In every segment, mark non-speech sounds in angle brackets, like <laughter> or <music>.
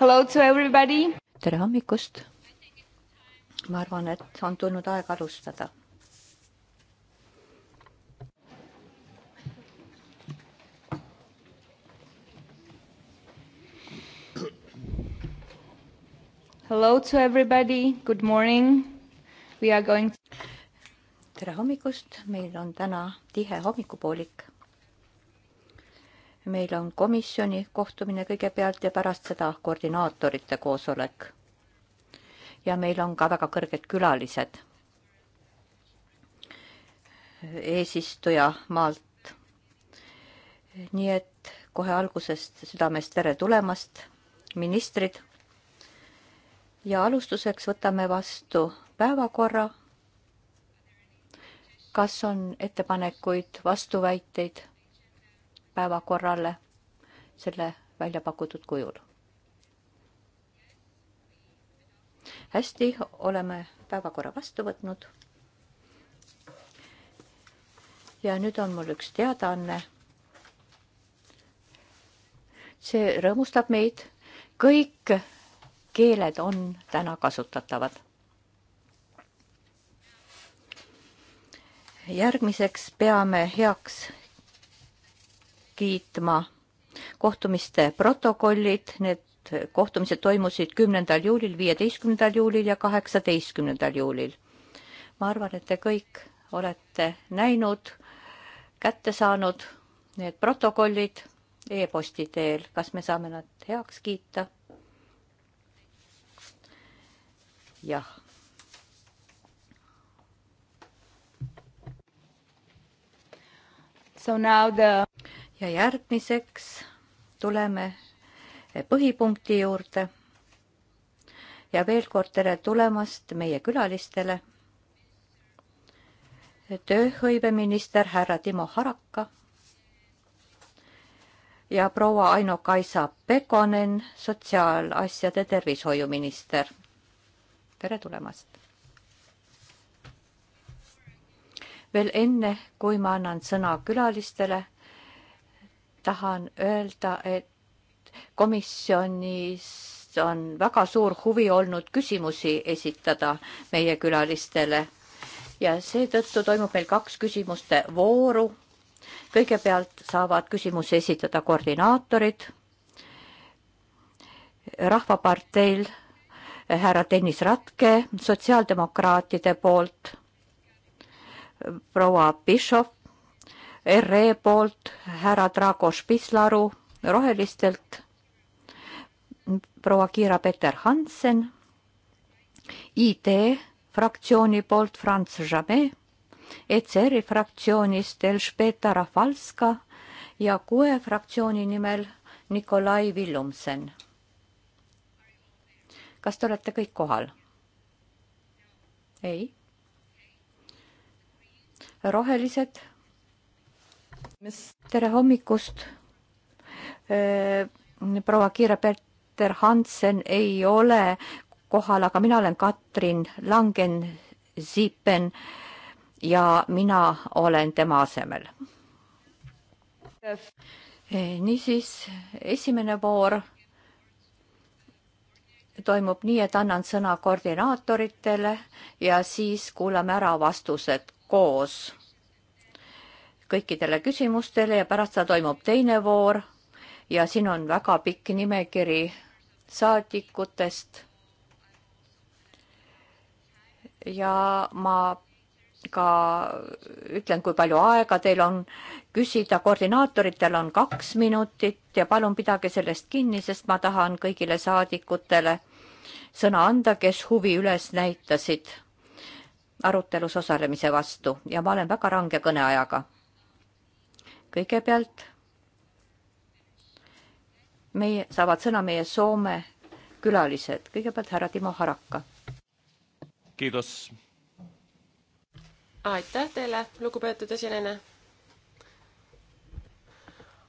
Hello to everybody! tere hommikust! ma arvan, et on tulnud aeg alustada. Hello to everybody, good morning. We are going to... tere hommikust, meil on täna tihe hommikupoolik meil on komisjoni kohtumine kõigepealt ja pärast seda koordinaatorite koosolek. ja meil on ka väga kõrged külalised. eesistuja maalt. nii et kohe algusest südamest tere tulemast, ministrid. ja alustuseks võtame vastu päevakorra. kas on ettepanekuid, vastuväiteid? päevakorrale selle välja pakutud kujul. hästi, oleme päevakorra vastu võtnud. ja nüüd on mul üks teadaanne. see rõõmustab meid. kõik keeled on täna kasutatavad. järgmiseks peame heaks kiitma kohtumiste protokollid, need kohtumised toimusid kümnendal juulil, viieteistkümnendal juulil ja kaheksateistkümnendal juulil. ma arvan, et te kõik olete näinud, kätte saanud need protokollid e-posti teel, kas me saame nad heaks kiita? jah. So now the ja järgmiseks tuleme põhipunkti juurde. ja veel kord tere tulemast meie külalistele. tööhõiveminister härra Timo Haraka ja proua Aino-Kaisa Pekonen, sotsiaalasjade tervishoiuminister. tere tulemast. veel enne, kui ma annan sõna külalistele tahan öelda, et komisjonis on väga suur huvi olnud küsimusi esitada meie külalistele ja seetõttu toimub meil kaks küsimuste vooru. kõigepealt saavad küsimusi esitada koordinaatorid. rahvaparteil härra Tõnis Ratke sotsiaaldemokraatide poolt, proua Bischoff RE poolt härra Drago Spislaru, rohelistelt proua Kiira Peter-Hansen, ID fraktsiooni poolt Franz Jamet, ECR-i fraktsioonist Elžbeta Rafalska ja kuue fraktsiooni nimel Nikolai Villumsen. kas te olete kõik kohal? ei. rohelised tere hommikust. Äh, proua Kiire-Peeter Hansen ei ole kohal, aga mina olen Katrin Langen-Zipen ja mina olen tema asemel. Äh, niisiis, esimene voor toimub nii, et annan sõna koordinaatoritele ja siis kuulame ära vastused koos kõikidele küsimustele ja pärast seda toimub teine voor ja siin on väga pikk nimekiri saadikutest. ja ma ka ütlen, kui palju aega teil on küsida, koordinaatoritel on kaks minutit ja palun pidage sellest kinni, sest ma tahan kõigile saadikutele sõna anda, kes huvi üles näitasid arutelus osalemise vastu ja ma olen väga range kõneajaga kõigepealt meie, saavad sõna meie Soome külalised, kõigepealt härra Timo Haraka. kiidus. aitäh teile, lugupeetud esinejana.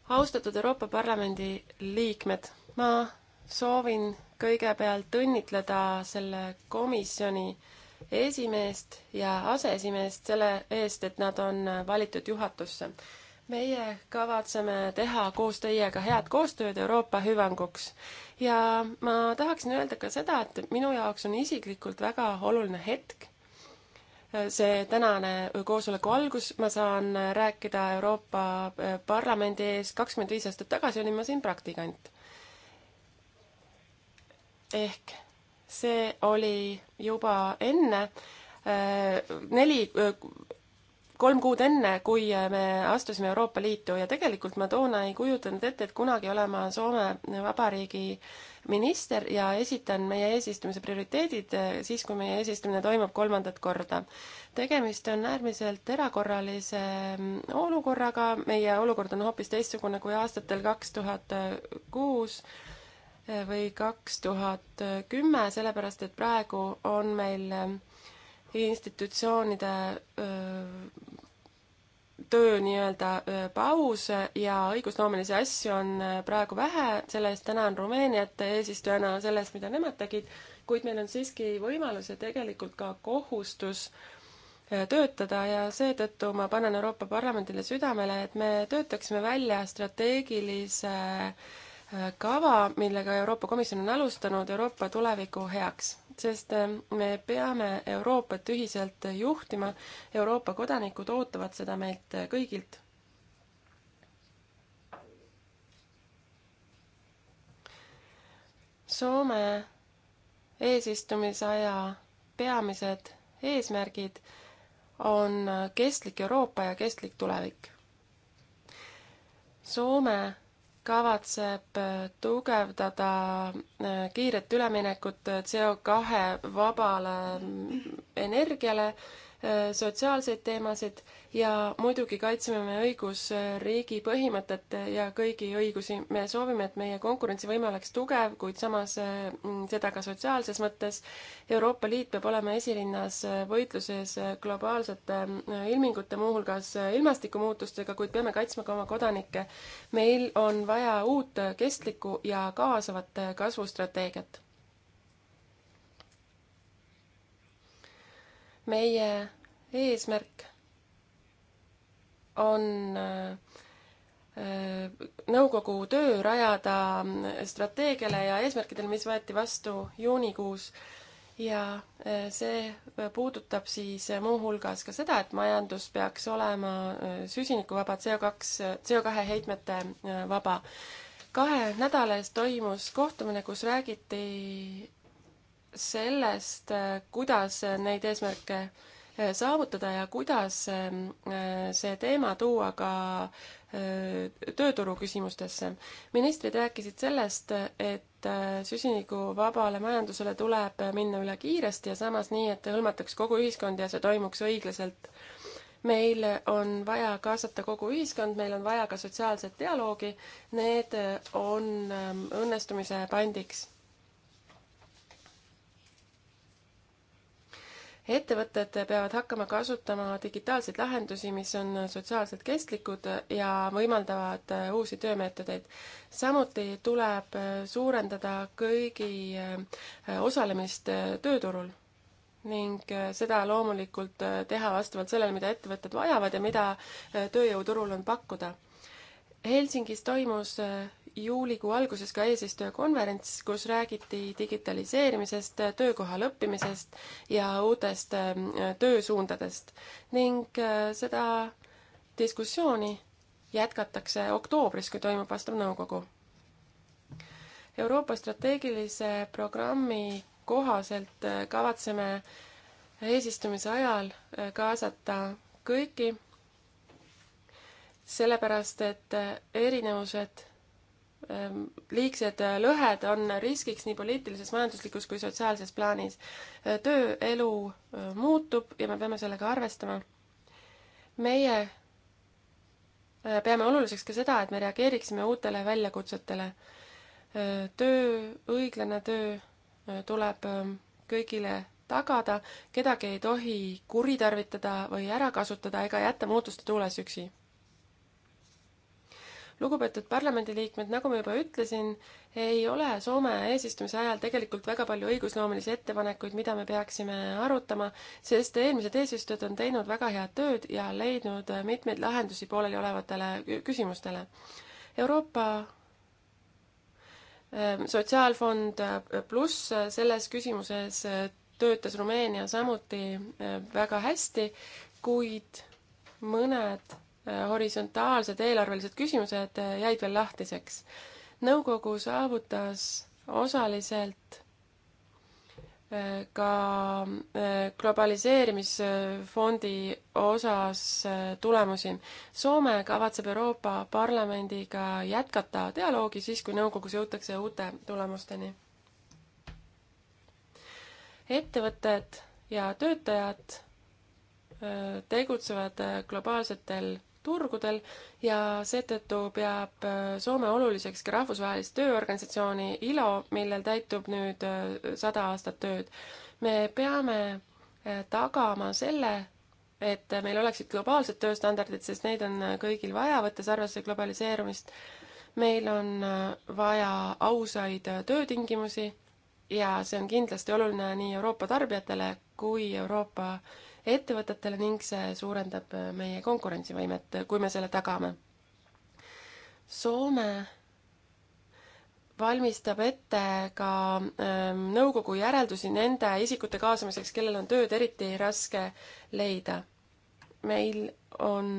austatud Euroopa Parlamendi liikmed, ma soovin kõigepealt õnnitleda selle komisjoni esimeest ja aseesimeest selle eest, et nad on valitud juhatusse meie kavatseme teha koos teiega head koostööd Euroopa hüvanguks. ja ma tahaksin öelda ka seda, et minu jaoks on isiklikult väga oluline hetk, see tänane koosoleku algus, ma saan rääkida Euroopa eh, Parlamendi ees, kakskümmend viis aastat tagasi olin ma siin praktikant. ehk see oli juba enne äh, neli äh, kolm kuud enne, kui me astusime Euroopa Liitu ja tegelikult ma toona ei kujutanud ette, et kunagi olen ma Soome Vabariigi minister ja esitan meie eesistumise prioriteedid eh, siis, kui meie eesistumine toimub kolmandat korda. tegemist on äärmiselt erakorralise mm, olukorraga, meie olukord on hoopis teistsugune kui aastatel kaks tuhat kuus eh, või kaks tuhat kümme, sellepärast et praegu on meil mm, institutsioonide töö nii-öelda paus ja õigusloomelisi asju on praegu vähe, selle eest tänan Rumeeniat eesistujana selle eest, mida nemad tegid, kuid meil on siiski võimalus ja tegelikult ka kohustus töötada ja seetõttu ma panen Euroopa Parlamendile südamele, et me töötaksime välja strateegilise kava, millega Euroopa Komisjon on alustanud Euroopa tuleviku heaks sest äh, me peame Euroopat ühiselt juhtima, Euroopa kodanikud ootavad seda meilt äh, kõigilt. Soome eesistumisaja peamised eesmärgid on kestlik Euroopa ja kestlik tulevik. Soome kavatseb äh, tugevdada äh, kiiret üleminekut äh, CO2 vabale mm, energiale Äh, sotsiaalseid teemasid ja muidugi kaitseme me õigusriigi põhimõtet ja kõigi õigusi. me soovime, et meie konkurentsivõime oleks tugev, kuid samas äh, mm, seda ka sotsiaalses mõttes. Euroopa Liit peab olema esirinnas äh, võitluses globaalsete ilmingute, muuhulgas ilmastikumuutustega, kuid peame kaitsma ka oma kodanikke. meil on vaja uut, kestlikku ja kaasavat kasvustrateegiat meie eesmärk on äh, nõukogu töö rajada strateegiale ja eesmärkidele, mis võeti vastu juunikuus. ja äh, see puudutab siis äh, muuhulgas ka seda, et majandus peaks olema süsinikuvaba CO2, CO2 heitmete vaba. kahe nädala eest toimus kohtumine, kus räägiti sellest, äh, kuidas neid eesmärke äh, saavutada ja kuidas ähm, äh, see teema tuua ka tööturu küsimustesse. ministrid rääkisid sellest, et süsinikuvabale majandusele tuleb minna üle kiiresti ja samas nii, et hõlmataks kogu ühiskond ja see toimuks õiglaselt. meil on vaja kaasata kogu ühiskond, meil on vaja ka sotsiaalset dialoogi, need on ähm, õnnestumise pandiks ettevõtted peavad hakkama kasutama digitaalseid lahendusi, mis on sotsiaalselt kestlikud ja võimaldavad äh, uusi töömeetodeid. samuti tuleb äh, suurendada kõigi äh, osalemist tööturul ning seda loomulikult teha vastavalt sellele, mida ettevõtted vajavad ja mida tööjõuturul on pakkuda. Helsingis toimus juulikuu alguses ka eesistujakonverents, kus räägiti digitaliseerimisest, töökohal õppimisest ja uutest ähm, töösuundadest ning äh, seda diskussiooni jätkatakse oktoobris, kui toimub vastav nõukogu. Euroopa strateegilise programmi kohaselt äh, kavatseme eesistumise ajal äh, kaasata kõiki, sellepärast et erinevused Ehm, liigsed äh, lõhed on riskiks nii poliitilises, majanduslikus kui sotsiaalses plaanis. Äh, tööelu äh, muutub ja me peame sellega arvestama. meie peame oluliseks ka seda, et me reageeriksime uutele väljakutsetele. töö, õiglane töö tuleb ähm, kõigile tagada, kedagi ei tohi kuritarvitada või ära kasutada ega jätta muutuste tuules üksi lugupeetud parlamendiliikmed, nagu ma juba ütlesin, ei ole Soome eesistumise ajal tegelikult väga palju õigusloomelisi ettepanekuid, mida me peaksime arutama, sest eelmised eesistujad on teinud väga head tööd ja leidnud mitmeid lahendusi pooleliolevatele küsimustele. Euroopa ähm, sotsiaalfond äh, pluss selles küsimuses äh, töötas Rumeenia samuti äh, väga hästi, kuid mõned Äh, horisontaalsed eelarvelised küsimused äh, jäid veel lahtiseks. nõukogu saavutas osaliselt äh, ka globaliseerimisfondi osas tulemusi. Soome kavatseb Euroopa Parlamendiga jätkata dialoogi siis, kui nõukogus jõutakse uute tulemusteni. ettevõtted ja töötajad tegutsevad globaalsetel turgudel ja seetõttu peab äh, Soome oluliseks ka rahvusvahelist tööorganisatsiooni ILO, millel täitub nüüd äh, sada aastat tööd. me peame äh, tagama selle, et meil oleksid globaalsed tööstandardid, sest neid on kõigil vaja, võttes arvesse globaliseerumist. meil on vaja ausaid töötingimusi ja see on kindlasti oluline nii Euroopa tarbijatele kui Euroopa äh, ettevõtetele ning see suurendab äh, meie konkurentsivõimet, äh, kui me selle tagame. Soome valmistab ette ka ähm, nõukogu järeldusi nende isikute kaasamiseks, kellel on tööd eriti raske leida. meil on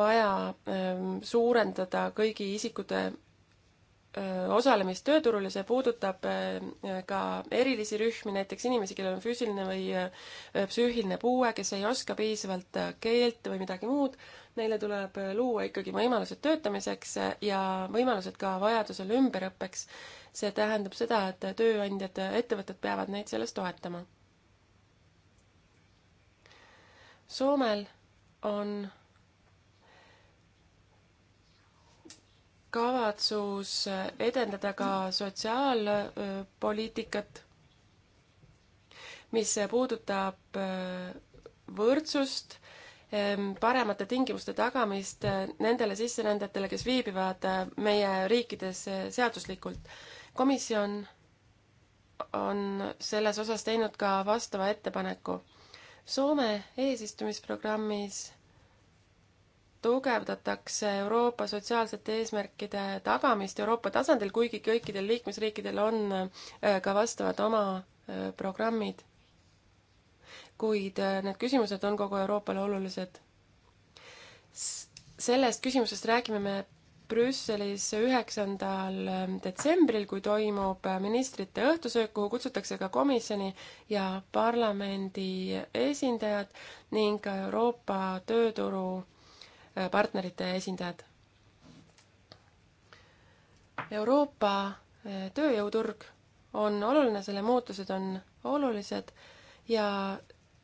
vaja ähm, suurendada kõigi isikute osalemist tööturul ja see puudutab ka erilisi rühmi, näiteks inimesi, kellel on füüsiline või psüühiline puue, kes ei oska piisavalt keelt või midagi muud. Neile tuleb luua ikkagi võimalused töötamiseks ja võimalused ka vajadusel ümberõppeks. see tähendab seda, et tööandjad, ettevõtted peavad neid selles toetama. Soomel on kavatsus edendada ka sotsiaalpoliitikat, mis puudutab äh, võrdsust, ähm, paremate tingimuste tagamist äh, nendele sisserändajatele, kes viibivad äh, meie riikides seaduslikult. komisjon on selles osas teinud ka vastava ettepaneku. Soome eesistumisprogrammis tugevdatakse Euroopa sotsiaalsete eesmärkide tagamist Euroopa tasandil, kuigi kõikidel liikmesriikidel on äh, ka vastavad oma äh, programmid. kuid äh, need küsimused on kogu Euroopale olulised. sellest küsimusest räägime me Brüsselis üheksandal ähm, detsembril, kui toimub ministrite õhtusöök, kuhu kutsutakse ka komisjoni ja parlamendi esindajad ning ka Euroopa tööturu partnerite esindajad. Euroopa eh, tööjõuturg on oluline, selle muutused on olulised ja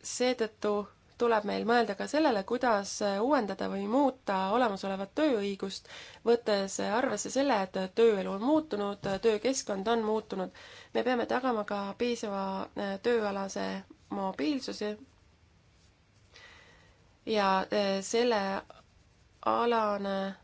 seetõttu tuleb meil mõelda ka sellele, kuidas eh, uuendada või muuta olemasolevat tööõigust, võttes arvesse selle, et tööelu on muutunud, töökeskkond on muutunud. me peame tagama ka piisava eh, tööalase mobiilsuse ja selle alane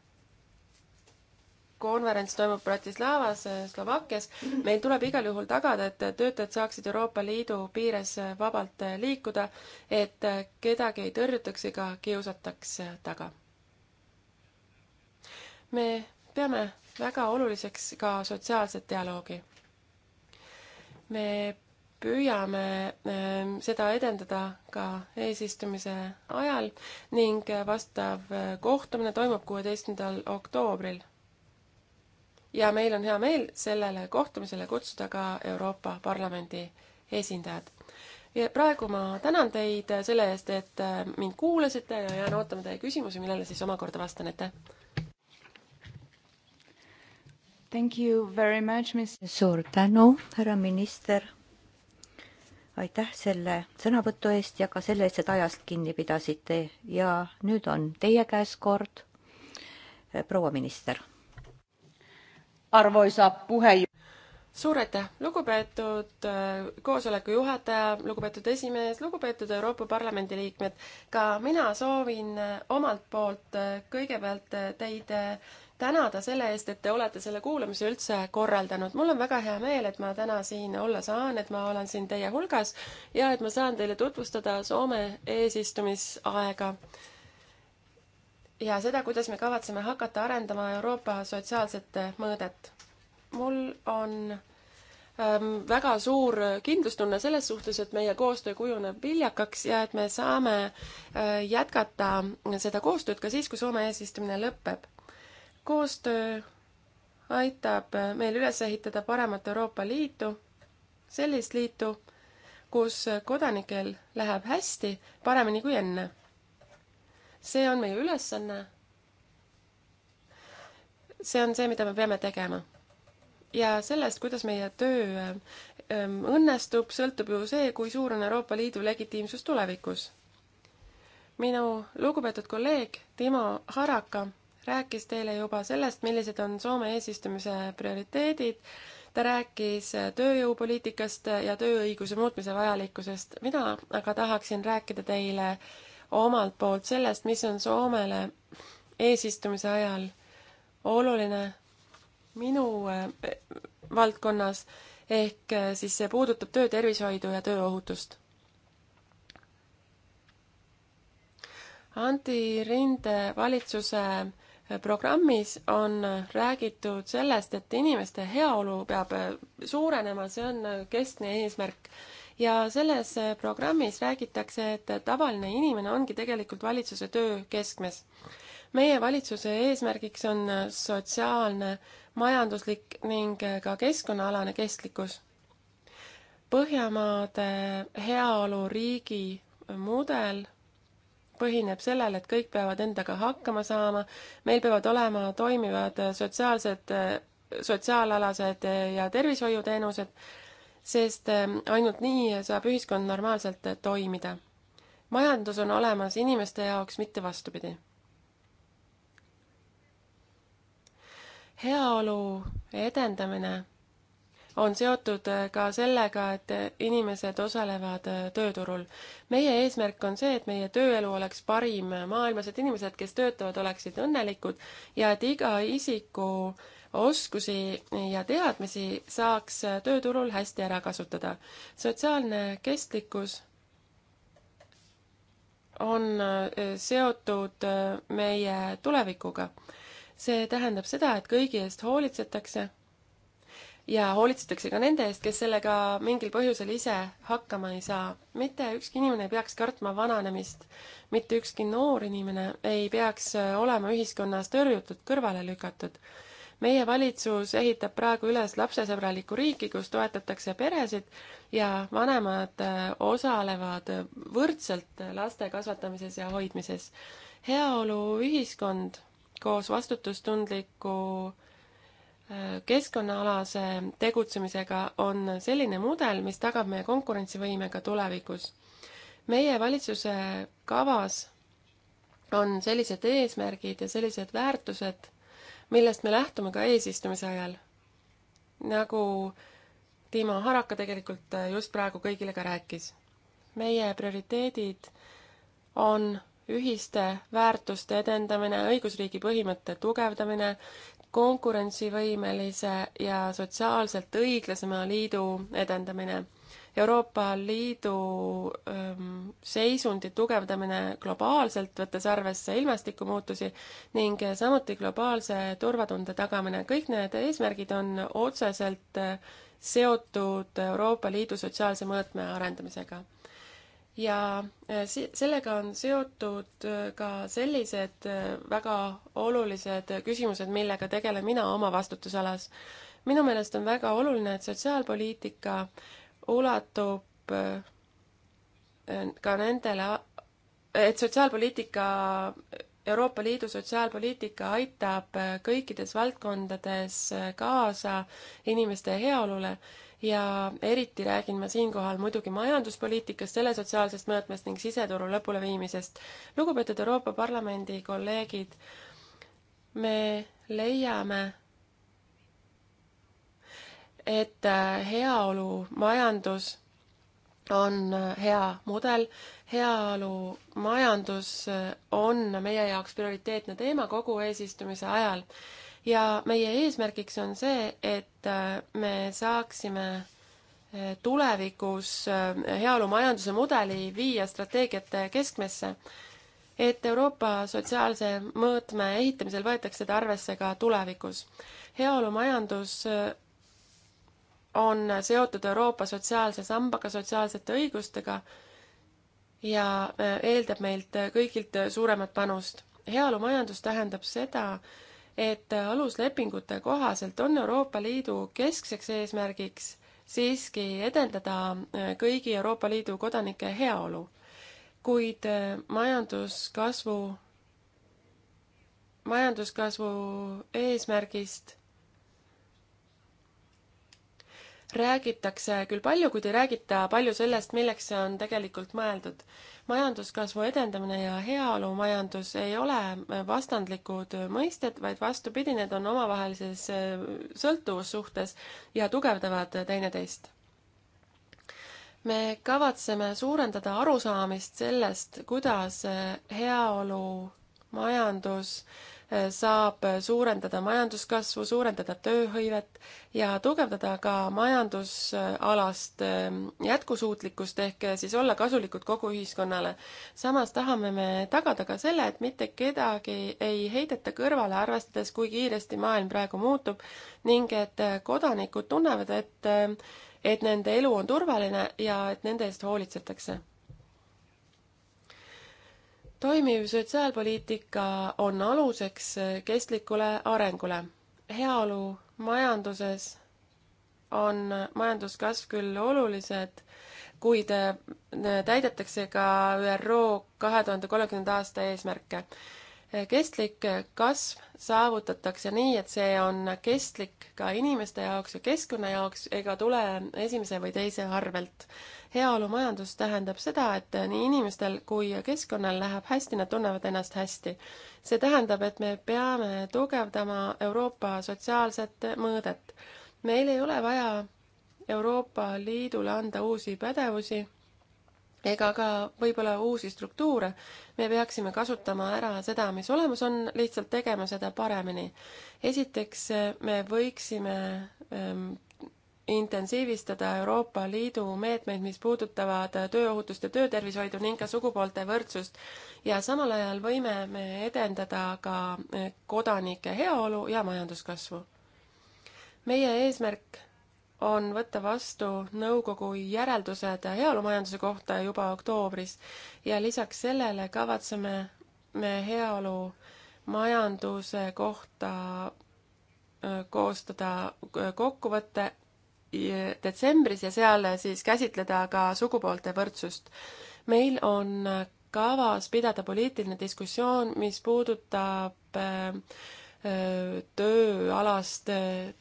konverents toimub Bratislavas, Slovakkias. meil tuleb igal juhul tagada, et töötajad saaksid Euroopa Liidu piires vabalt liikuda, et kedagi ei tõrjutaks ega kiusataks taga. me peame väga oluliseks ka sotsiaalset dialoogi. me püüame ähm, seda edendada ka eesistumise ajal ning äh, vastav äh, kohtumine toimub kuueteistkümnendal oktoobril. ja meil on hea meel sellele kohtumisele kutsuda ka Euroopa Parlamendi esindajad. ja praegu ma tänan teid äh, selle eest, et mind kuulasite ja jään ootama teie küsimusi, millele siis omakorda vastan, aitäh! Thank you very much, mis-. suur tänu, härra minister aitäh selle sõnavõtu eest ja ka selle eest, et ajast kinni pidasite ja nüüd on teie käes kord, eh, proua minister. arvoisa puhe. suur aitäh, lugupeetud eh, koosoleku juhataja, lugupeetud esimees, lugupeetud Euroopa Parlamendi liikmed. ka mina soovin eh, omalt poolt kõigepealt teid tänada selle eest, et te olete selle kuulamise üldse korraldanud. mul on väga hea meel, et ma täna siin olla saan, et ma olen siin teie hulgas ja et ma saan teile tutvustada Soome eesistumisaega ja seda, kuidas me kavatseme hakata arendama Euroopa sotsiaalset mõõdet. mul on ähm, väga suur kindlustunne selles suhtes, et meie koostöö kujuneb viljakaks ja et me saame äh, jätkata seda koostööd ka siis, kui Soome eesistumine lõpeb koostöö aitab meil üles ehitada paremat Euroopa Liitu, sellist liitu, kus kodanikel läheb hästi, paremini kui enne. see on meie ülesanne. see on see, mida me peame tegema. ja sellest, kuidas meie töö ähm, õnnestub, sõltub ju see, kui suur on Euroopa Liidu legitiimsus tulevikus. minu lugupeetud kolleeg Timo Haraka rääkis teile juba sellest, millised on Soome eesistumise prioriteedid. ta rääkis tööjõupoliitikast ja tööõiguse muutmise vajalikkusest. mina aga tahaksin rääkida teile omalt poolt sellest, mis on Soomele eesistumise ajal oluline minu eh, valdkonnas ehk eh, siis see puudutab töötervishoidu ja tööohutust. Anti Rinde valitsuse programmis on räägitud sellest, et inimeste heaolu peab suurenema, see on keskne eesmärk. ja selles programmis räägitakse, et tavaline inimene ongi tegelikult valitsuse töö keskmes. meie valitsuse eesmärgiks on sotsiaalne, majanduslik ning ka keskkonnaalane kestlikkus. Põhjamaade heaoluriigi mudel põhineb sellel, et kõik peavad endaga hakkama saama, meil peavad olema toimivad sotsiaalsed, sotsiaalalased ja tervishoiuteenused, sest ehm, ainult nii saab ühiskond normaalselt toimida. majandus on olemas inimeste jaoks, mitte vastupidi. heaolu edendamine on seotud äh, ka sellega, et äh, inimesed osalevad äh, tööturul. meie eesmärk on see, et meie tööelu oleks parim maailmas, et inimesed, kes töötavad, oleksid õnnelikud ja et iga isiku oskusi ja teadmisi saaks tööturul hästi ära kasutada. sotsiaalne kestlikkus on seotud meie tulevikuga. see tähendab seda, et kõigi eest hoolitsetakse ja hoolitsetakse ka nende eest, kes sellega mingil põhjusel ise hakkama ei saa. mitte ükski inimene ei peaks kartma vananemist, mitte ükski noor inimene ei peaks äh, olema ühiskonnas tõrjutud, kõrvale lükatud. meie valitsus ehitab praegu üles lapsesõbralikku riiki, kus toetatakse peresid ja vanemad äh, osalevad võrdselt laste kasvatamises ja hoidmises. heaoluühiskond koos vastutustundliku keskkonnaalase tegutsemisega on selline mudel, mis tagab meie konkurentsivõime ka tulevikus. meie valitsuse kavas on sellised eesmärgid ja sellised väärtused, millest me lähtume ka eesistumise ajal. nagu Timo Haraka tegelikult just praegu kõigile ka rääkis. meie prioriteedid on ühiste väärtuste edendamine, õigusriigi põhimõtte tugevdamine, konkurentsivõimelise ja sotsiaalselt õiglasema liidu edendamine, Euroopa Liidu ähm, seisundi tugevdamine globaalselt, võttes arvesse ilmastikumuutusi ning samuti globaalse turvatunde tagamine, kõik need eesmärgid on otseselt äh, seotud Euroopa Liidu sotsiaalse mõõtme arendamisega ja äh, sellega on seotud äh, ka sellised äh, väga olulised küsimused, millega tegelen mina oma vastutusalas. minu meelest on väga oluline, et sotsiaalpoliitika ulatub ka nendele, et sotsiaalpoliitika, Euroopa Liidu sotsiaalpoliitika aitab kõikides valdkondades kaasa inimeste heaolule ja eriti räägin ma siinkohal muidugi majanduspoliitikast, selle sotsiaalsest mõõtmest ning siseturu lõpuleviimisest. lugupeetud Euroopa Parlamendi kolleegid, me leiame, et äh, heaolu majandus on äh, hea mudel, heaolu majandus äh, on meie jaoks prioriteetne teema kogu eesistumise ajal ja meie eesmärgiks on see, et äh, me saaksime äh, tulevikus äh, heaolumajanduse mudeli viia strateegiate keskmesse, et Euroopa sotsiaalse mõõtme ehitamisel võetakse seda arvesse ka tulevikus. heaolumajandus on seotud Euroopa sotsiaalse sambaga, sotsiaalsete õigustega ja eeldab meilt kõigilt suuremat panust. heaolumajandus tähendab seda, et aluslepingute kohaselt on Euroopa Liidu keskseks eesmärgiks siiski edendada äh, kõigi Euroopa Liidu kodanike heaolu, kuid äh, majanduskasvu, majanduskasvu eesmärgist räägitakse küll palju, kuid ei räägita palju sellest, milleks see on tegelikult mõeldud majanduskasvu edendamine ja heaolumajandus ei ole vastandlikud mõisted, vaid vastupidi, need on omavahelises äh, sõltuvussuhtes ja tugevdavad teineteist. me kavatseme suurendada arusaamist sellest, kuidas äh, heaolumajandus saab suurendada majanduskasvu, suurendada tööhõivet ja tugevdada ka majandusalast ehm, jätkusuutlikkust ehk siis olla kasulikud kogu ühiskonnale. samas tahame me tagada ka selle, et mitte kedagi ei heideta kõrvale, arvestades, kui kiiresti maailm praegu muutub ning et kodanikud tunnevad, et ehm, et nende elu on turvaline ja et nende eest hoolitsetakse toimiv sotsiaalpoliitika on aluseks kestlikule arengule. heaolu majanduses on majanduskasv küll olulised, kuid täidetakse ka ÜRO kahe tuhande kolmekümnenda aasta eesmärke kestlik kasv saavutatakse nii, et see on kestlik ka inimeste jaoks ja keskkonna jaoks ega tule esimese või teise arvelt. heaolumajandus tähendab seda, et nii inimestel kui keskkonnal läheb hästi, nad tunnevad ennast hästi. see tähendab, et me peame tugevdama Euroopa sotsiaalset mõõdet. meil ei ole vaja Euroopa Liidule anda uusi pädevusi ega ka võib-olla uusi struktuure. me peaksime kasutama ära seda, mis olemas on, lihtsalt tegema seda paremini. esiteks, eh, me võiksime ähm, intensiivistada Euroopa Liidu meetmeid, mis puudutavad eh, tööohutust ja töötervishoidu ning ka sugupoolte võrdsust. ja samal ajal võime me edendada ka eh, kodanike heaolu ja majanduskasvu. meie eesmärk on võtta vastu nõukogu järeldused heaolumajanduse kohta juba oktoobris ja lisaks sellele kavatseme me heaolumajanduse kohta äh, koostada äh, kokkuvõtte detsembris ja seal siis käsitleda ka sugupoolte võrdsust. meil on kavas pidada poliitiline diskussioon, mis puudutab äh, tööalast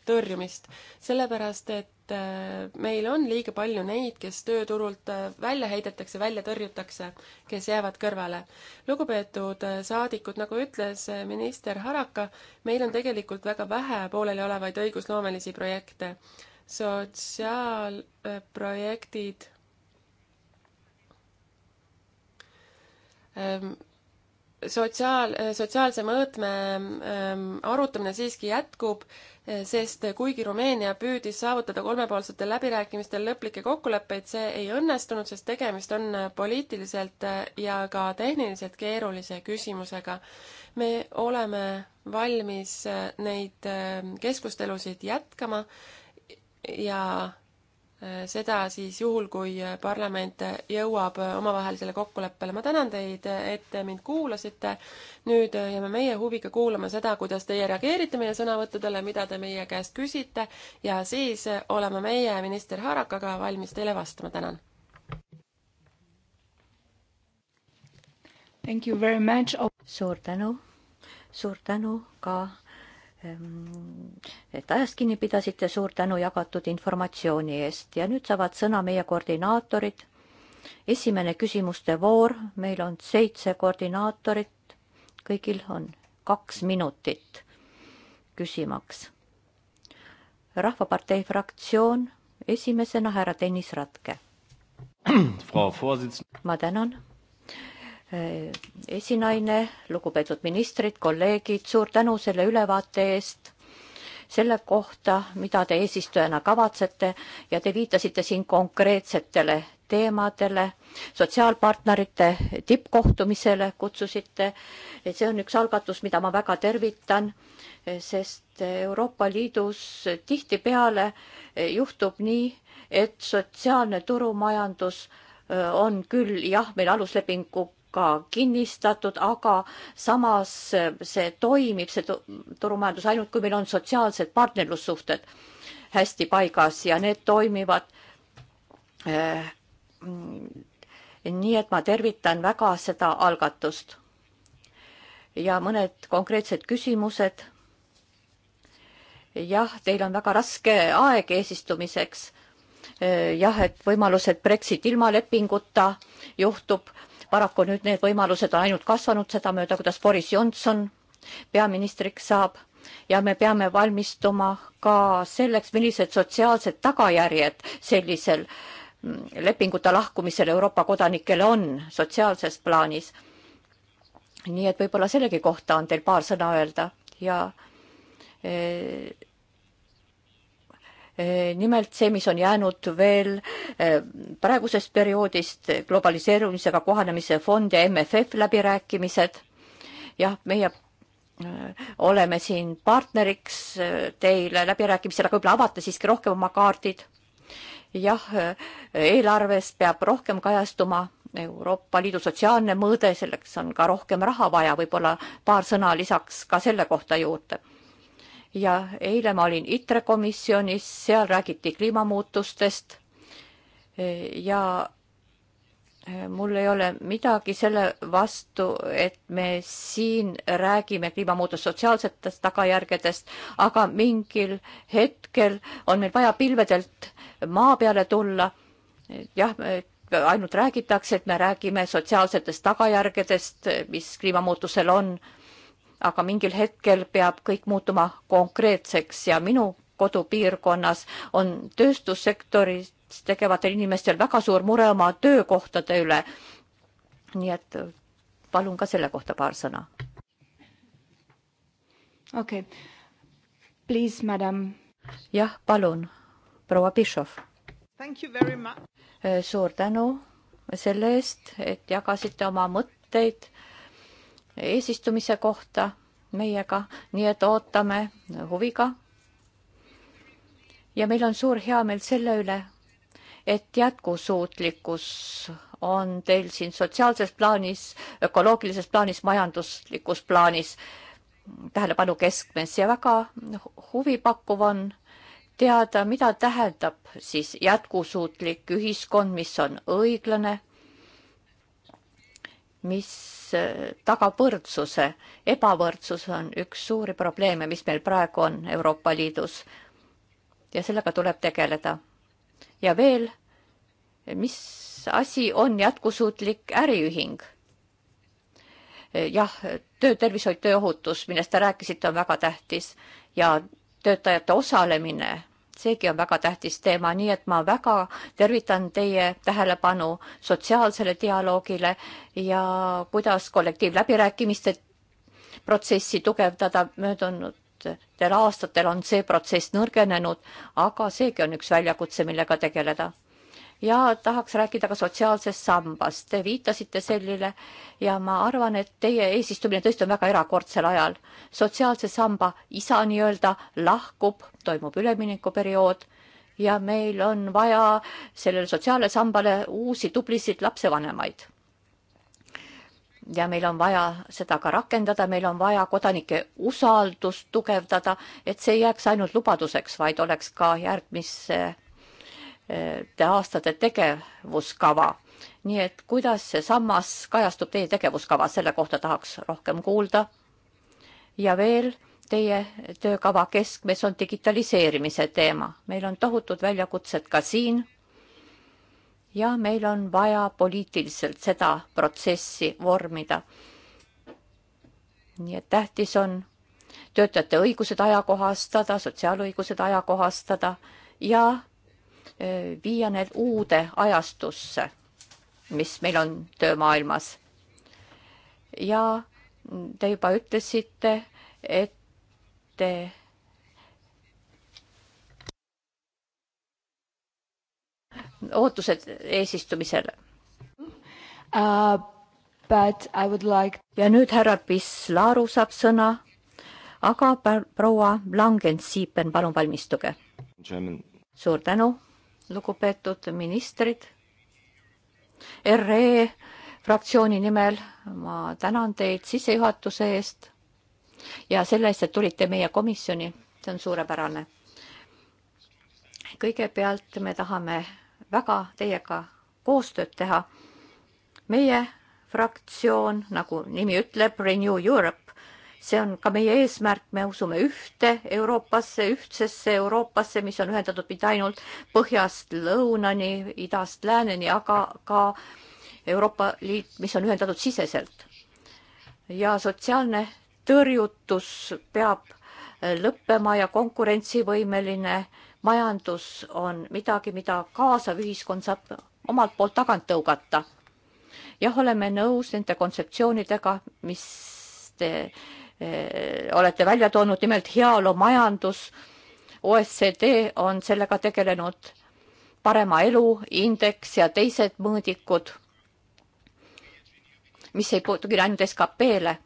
tõrjumist, sellepärast et äh, meil on liiga palju neid, kes tööturult äh, välja heidetakse, välja tõrjutakse, kes jäävad kõrvale. lugupeetud äh, saadikud, nagu ütles minister Haraka, meil on tegelikult väga vähe pooleliolevaid õigusloomelisi projekte. sotsiaalprojektid ähm, sotsiaal, sotsiaalse mõõtme ähm, arutamine siiski jätkub, äh, sest kuigi Rumeenia püüdis saavutada kolmepoolsetel läbirääkimistel lõplikke kokkuleppeid, see ei õnnestunud, sest tegemist on äh, poliitiliselt äh, ja ka tehniliselt keerulise küsimusega. me oleme valmis neid keskustelusid jätkama ja Äh, seda siis juhul, kui äh, parlament äh, jõuab omavahelisele kokkuleppele. ma tänan teid, et te mind kuulasite. nüüd jääme meie huviga kuulama seda, kuidas teie reageerite meie sõnavõttudele, mida te meie käest küsite ja siis oleme meie minister Harakaga valmis teile vastama. tänan. suur tänu, suur tänu ka Ehm, et ajast kinni pidasite, suur tänu jagatud informatsiooni eest ja nüüd saavad sõna meie koordinaatorid. esimene küsimuste voor, meil on seitse koordinaatorit, kõigil on kaks minutit küsimaks. rahvapartei fraktsioon esimesena härra Tõnis Ratke. ma tänan Eh, esinaine, lugupeetud ministrid, kolleegid, suur tänu selle ülevaate eest selle kohta, mida te eesistujana kavatsete ja te viitasite siin konkreetsetele teemadele, sotsiaalpartnerite tippkohtumisele kutsusite. see on üks algatus, mida ma väga tervitan, eh, sest Euroopa Liidus tihtipeale eh, juhtub nii, et sotsiaalne turumajandus on küll jah, meil aluslepingu ka kinnistatud, aga samas see toimib, see turumajandus ainult, kui meil on sotsiaalsed partnerlussuhted hästi paigas ja need toimivad äh, nii et ma tervitan väga seda algatust. ja mõned konkreetsed küsimused. jah, teil on väga raske aeg eesistumiseks. Äh, jah, et võimalus, et Brexit ilma lepinguta juhtub paraku nüüd need võimalused on ainult kasvanud sedamööda, kuidas Boris Johnson peaministriks saab ja me peame valmistuma ka selleks, millised sotsiaalsed tagajärjed sellisel mm, lepinguta lahkumisel Euroopa kodanikele on sotsiaalses plaanis. nii et võib-olla sellegi kohta on teil paar sõna öelda ja e Eh, nimelt see, mis on jäänud veel eh, praegusest perioodist, globaliseerumisega kohanemise fond ja MFF läbirääkimised. jah, meie eh, oleme siin partneriks teile läbirääkimistel, aga võib-olla avate siiski rohkem oma kaardid. jah, eelarves peab rohkem kajastuma Euroopa Liidu sotsiaalne mõõde, selleks on ka rohkem raha vaja, võib-olla paar sõna lisaks ka selle kohta juurde ja eile ma olin ITRE komisjonis, seal räägiti kliimamuutustest ja e, mul ei ole midagi selle vastu, et me siin räägime kliimamuutuse sotsiaalsetest tagajärgedest, aga mingil hetkel on meil vaja pilvedelt maa peale tulla. jah, e, ainult räägitakse, et me räägime sotsiaalsetest tagajärgedest, mis kliimamuutusel on aga mingil hetkel peab kõik muutuma konkreetseks ja minu kodupiirkonnas on tööstussektoris tegevatel inimestel väga suur mure oma töökohtade üle. nii et palun ka selle kohta paar sõna. okei okay., please, madam. jah, palun, proua Bischoff. suur tänu selle eest, et jagasite oma mõtteid eesistumise kohta meiega, nii et ootame huviga. ja meil on suur heameel selle üle, et jätkusuutlikkus on teil siin sotsiaalses plaanis, ökoloogilises plaanis, majanduslikus plaanis tähelepanu keskmes ja väga huvipakkuv on teada, mida tähendab siis jätkusuutlik ühiskond, mis on õiglane mis äh, tagab võrdsuse. ebavõrdsus on üks suuri probleeme, mis meil praegu on Euroopa Liidus. ja sellega tuleb tegeleda. ja veel, mis asi on jätkusuutlik äriühing? Äh, jah, töötervishoid, tööohutus, millest te rääkisite, on väga tähtis ja töötajate osalemine seegi on väga tähtis teema, nii et ma väga tervitan teie tähelepanu sotsiaalsele dialoogile ja kuidas kollektiivläbirääkimiste protsessi tugevdada möödunud aastatel on see protsess nõrgenenud, aga seegi on üks väljakutse, millega tegeleda ja tahaks rääkida ka sotsiaalsest sambast. Te viitasite sellele ja ma arvan, et teie eesistumine tõesti on väga erakordsel ajal. sotsiaalse samba isa nii-öelda lahkub, toimub üleminekuperiood ja meil on vaja sellele sotsiaalsele sambale uusi tublisid lapsevanemaid. ja meil on vaja seda ka rakendada, meil on vaja kodanike usaldust tugevdada, et see ei jääks ainult lubaduseks, vaid oleks ka järgmisse aastate tegevuskava. nii et kuidas see sammas kajastub teie tegevuskavas, selle kohta tahaks rohkem kuulda. ja veel teie töökava keskmes on digitaliseerimise teema. meil on tohutud väljakutsed ka siin. ja meil on vaja poliitiliselt seda protsessi vormida. nii et tähtis on töötajate õigused ajakohastada, sotsiaalõigused ajakohastada ja viia need uude ajastusse, mis meil on töömaailmas. ja te juba ütlesite, et te ootused eesistumisele uh,. Like... ja nüüd härra Pislaru saab sõna, aga proua Langen-Siepen, palun valmistuge. suur tänu lugupeetud ministrid. RE fraktsiooni nimel ma tänan teid sissejuhatuse eest ja selle eest, et tulite meie komisjoni, see on suurepärane. kõigepealt me tahame väga teiega koostööd teha. meie fraktsioon, nagu nimi ütleb, Renew Europe see on ka meie eesmärk, me usume ühte Euroopasse, ühtsesse Euroopasse, mis on ühendatud mitte ainult põhjast lõunani, idast lääneni, aga ka Euroopa Liit, mis on ühendatud siseselt. ja sotsiaalne tõrjutus peab lõppema ja konkurentsivõimeline majandus on midagi, mida kaasav ühiskond saab omalt poolt tagant tõugata. jah, oleme nõus nende kontseptsioonidega, mis te Eh, olete välja toonud, nimelt heaolumajandus. OECD on sellega tegelenud, parema elu indeks ja teised mõõdikud, mis ei puutugi ainult SKP-le.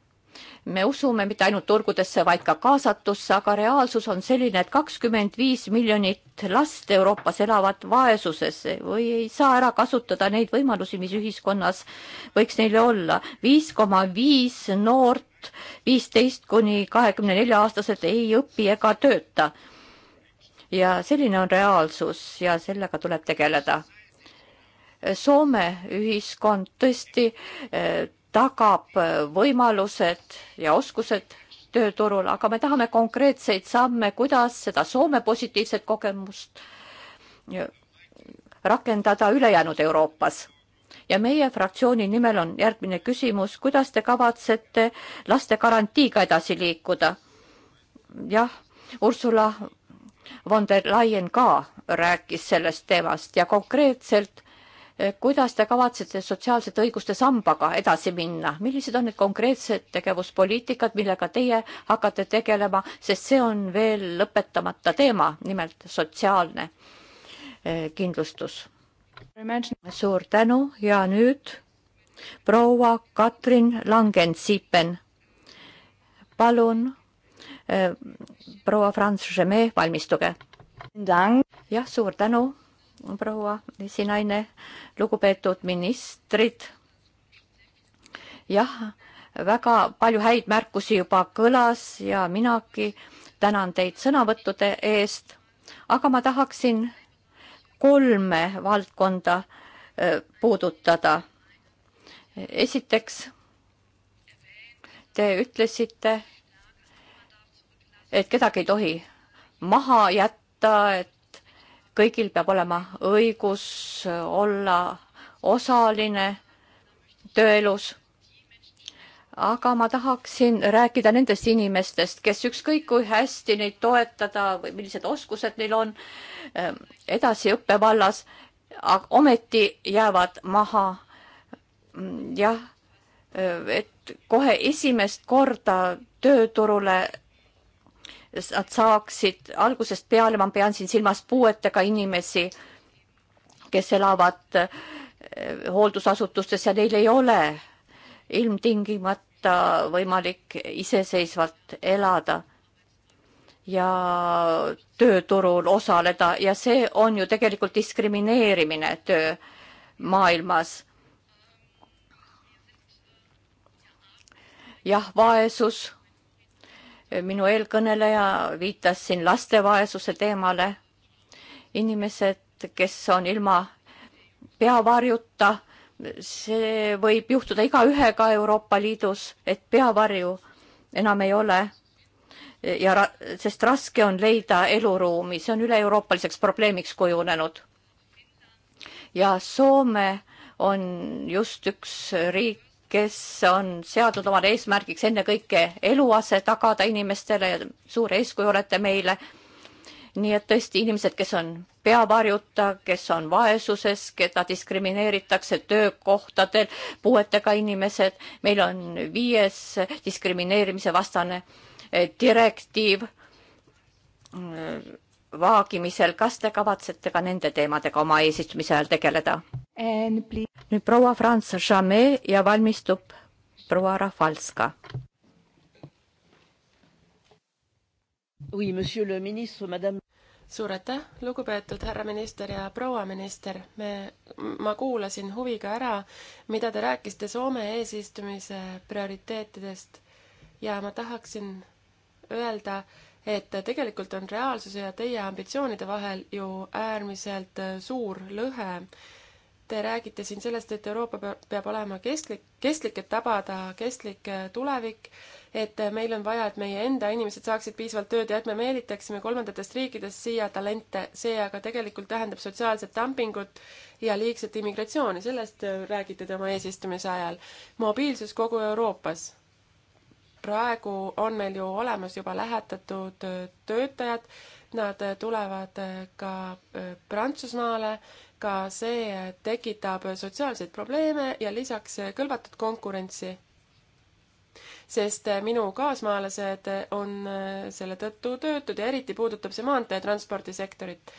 me usume mitte ainult turgudesse, vaid ka kaasatusse, aga reaalsus on selline, et kakskümmend viis miljonit last Euroopas elavad vaesuses või ei saa ära kasutada neid võimalusi, mis ühiskonnas võiks neile olla. viis koma viis noort noort. viisteist kuni kahekümne nelja aastased ei õpi ega tööta. ja selline on reaalsus ja sellega tuleb tegeleda. Soome ühiskond tõesti eh, tagab eh, võimalused ja oskused tööturul, aga me tahame konkreetseid samme, kuidas seda Soome positiivset kogemust rakendada ülejäänud Euroopas ja meie fraktsiooni nimel on järgmine küsimus, kuidas te kavatsete laste garantiiga edasi liikuda? jah, Ursula von der Leyen ka rääkis sellest teemast ja konkreetselt, eh, kuidas te kavatsete sotsiaalsete õiguste sambaga edasi minna, millised on need konkreetsed tegevuspoliitikad, millega teie hakkate tegelema, sest see on veel lõpetamata teema, nimelt sotsiaalne eh, kindlustus suur tänu ja nüüd proua Katrin Langensipen. palun, äh, proua Franz Žemee, valmistuge. jah, suur tänu, proua esinaine, lugupeetud ministrid. jah, väga palju häid märkusi juba kõlas ja minagi tänan teid sõnavõttude eest, aga ma tahaksin kolme valdkonda puudutada. esiteks, te ütlesite, et kedagi ei tohi maha jätta, et kõigil peab olema õigus olla osaline tööelus aga ma tahaksin rääkida nendest inimestest, kes ükskõik kui hästi neid toetada või millised oskused neil on ähm, edasiõppe vallas, ometi jäävad maha. Mm, jah, äh, et kohe esimest korda tööturule nad saaksid algusest peale, ma pean siin silmas puuetega inimesi, kes elavad äh, hooldusasutustes ja neil ei ole ilmtingimata võimalik iseseisvalt elada ja tööturul osaleda ja see on ju tegelikult diskrimineerimine töömaailmas. jah, vaesus, minu eelkõneleja viitas siin laste vaesuse teemale. inimesed, kes on ilma peavarjuta see võib juhtuda igaühega Euroopa Liidus, et peavarju enam ei ole. ja ra-, sest raske on leida eluruumi, see on üle-euroopaliseks probleemiks kujunenud. ja Soome on just üks riik, kes on seadnud omale eesmärgiks ennekõike eluase tagada inimestele ja suur eeskuju olete meile nii et tõesti inimesed, kes on peavarjuta, kes on vaesuses, keda diskrimineeritakse töökohtadel, puuetega inimesed, meil on viies diskrimineerimise vastane eh, direktiiv eh, vaagimisel, kas te kavatsete ka nende teemadega oma eesistumise ajal tegeleda? nüüd proua Franz Jamet ja valmistub proua Rafalska. suur aitäh, lugupeetud härra minister ja proua minister, me, ma kuulasin huviga ära, mida te rääkisite Soome eesistumise prioriteetidest ja ma tahaksin öelda, et tegelikult on reaalsuse ja teie ambitsioonide vahel ju äärmiselt suur lõhe Te räägite siin sellest, et Euroopa peab olema kestlik, kestlik, et tabada kestlik äh, tulevik, et äh, meil on vaja, et meie enda inimesed saaksid piisavalt tööd ja et me meelitaksime kolmandatest riikidest siia talente. see aga tegelikult tähendab sotsiaalset dumpingut ja liigset immigratsiooni, sellest äh, räägite te oma eesistumise ajal. mobiilsus kogu Euroopas praegu on meil ju olemas juba lähetatud töötajad, nad tulevad ka Prantsusmaale ka see tekitab sotsiaalseid probleeme ja lisaks kõlvatut konkurentsi. sest minu kaasmaalased on selle tõttu töötud ja eriti puudutab see maanteetranspordisektorit.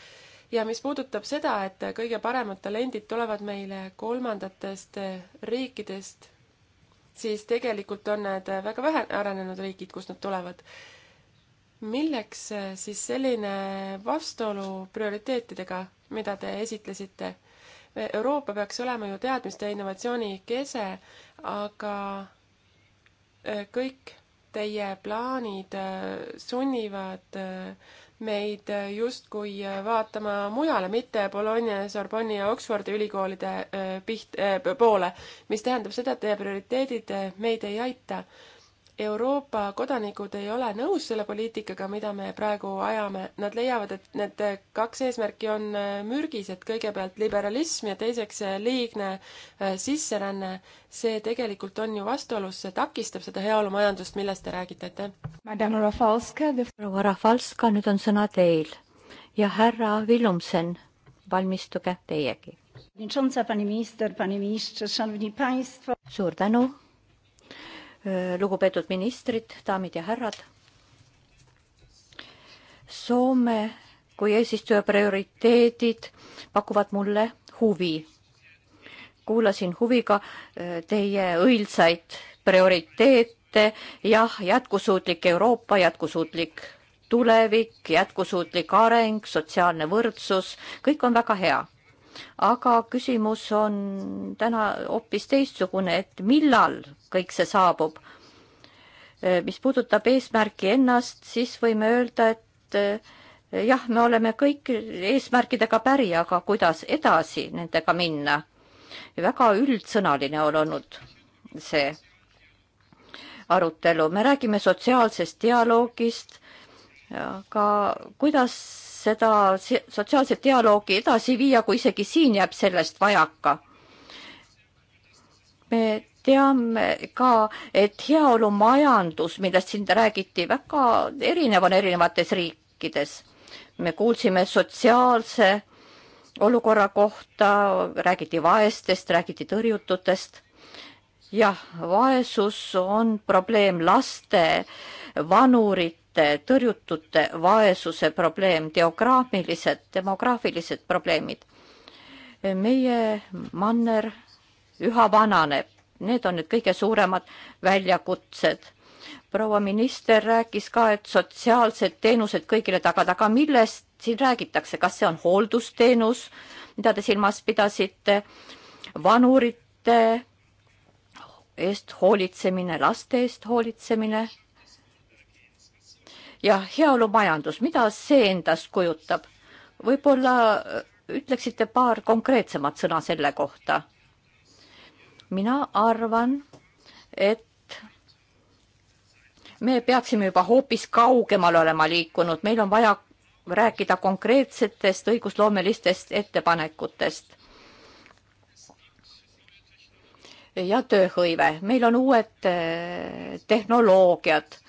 ja mis puudutab seda, et kõige paremad talendid tulevad meile kolmandatest riikidest, siis tegelikult on need väga vähe arenenud riigid, kust nad tulevad milleks äh, siis selline vastuolu prioriteetidega, mida te esitlesite? Euroopa peaks olema ju teadmiste ja innovatsiooni kese, aga äh, kõik teie plaanid äh, sunnivad meid justkui vaatama mujale, mitte Bologna, Sorbonni ja Oxfordi ülikoolide piht- eh,, poole, mis tähendab seda, et teie prioriteedid meid ei aita Euroopa kodanikud ei ole nõus selle poliitikaga, mida me praegu ajame. Nad leiavad, et need kaks eesmärki on äh, mürgis, et kõigepealt liberalism ja teiseks äh, liigne äh, sisseränne. see tegelikult on ju vastuolus, see takistab seda heaolumajandust, millest te räägite, aitäh. Madame Rafalska. proua Rafalska, nüüd on sõna teil ja härra Villumsen, valmistuge teiegi. suur tänu lugupeetud ministrid, daamid ja härrad. Soome kui eesistuja prioriteedid pakuvad mulle huvi. kuulasin huviga eh, teie õilsaid prioriteete, jah, jätkusuutlik Euroopa, jätkusuutlik tulevik, jätkusuutlik areng, sotsiaalne võrdsus, kõik on väga hea aga küsimus on täna hoopis teistsugune, et millal kõik see saabub. Eh, mis puudutab eesmärki ennast, siis võime öelda, et eh, jah, me oleme kõik eesmärkidega päri, aga kuidas edasi nendega minna? väga üldsõnaline on olnud see arutelu, me räägime sotsiaalsest dialoogist, aga kuidas seda sotsiaalset dialoogi edasi viia, kui isegi siin jääb sellest vajaka. me teame ka, et heaolumajandus, millest siin räägiti, väga erinev on erinevates riikides. me kuulsime sotsiaalse olukorra kohta, räägiti vaestest, räägiti tõrjututest. jah, vaesus on probleem laste, vanurite, noorte tõrjutute vaesuse probleem, geograafilised, demograafilised probleemid. meie manner üha vananeb, need on need kõige suuremad väljakutsed proua minister rääkis ka, et sotsiaalsed teenused kõigile tagada, aga millest siin räägitakse, kas see on hooldusteenus, mida te silmas pidasite, vanurite eest hoolitsemine, laste eest hoolitsemine? ja heaolumajandus, mida see endast kujutab? võib-olla äh, ütleksite paar konkreetsemat sõna selle kohta? mina arvan, et me peaksime juba hoopis kaugemale olema liikunud, meil on vaja rääkida konkreetsetest õigusloomelistest ettepanekutest. ja tööhõive, meil on uued äh, tehnoloogiad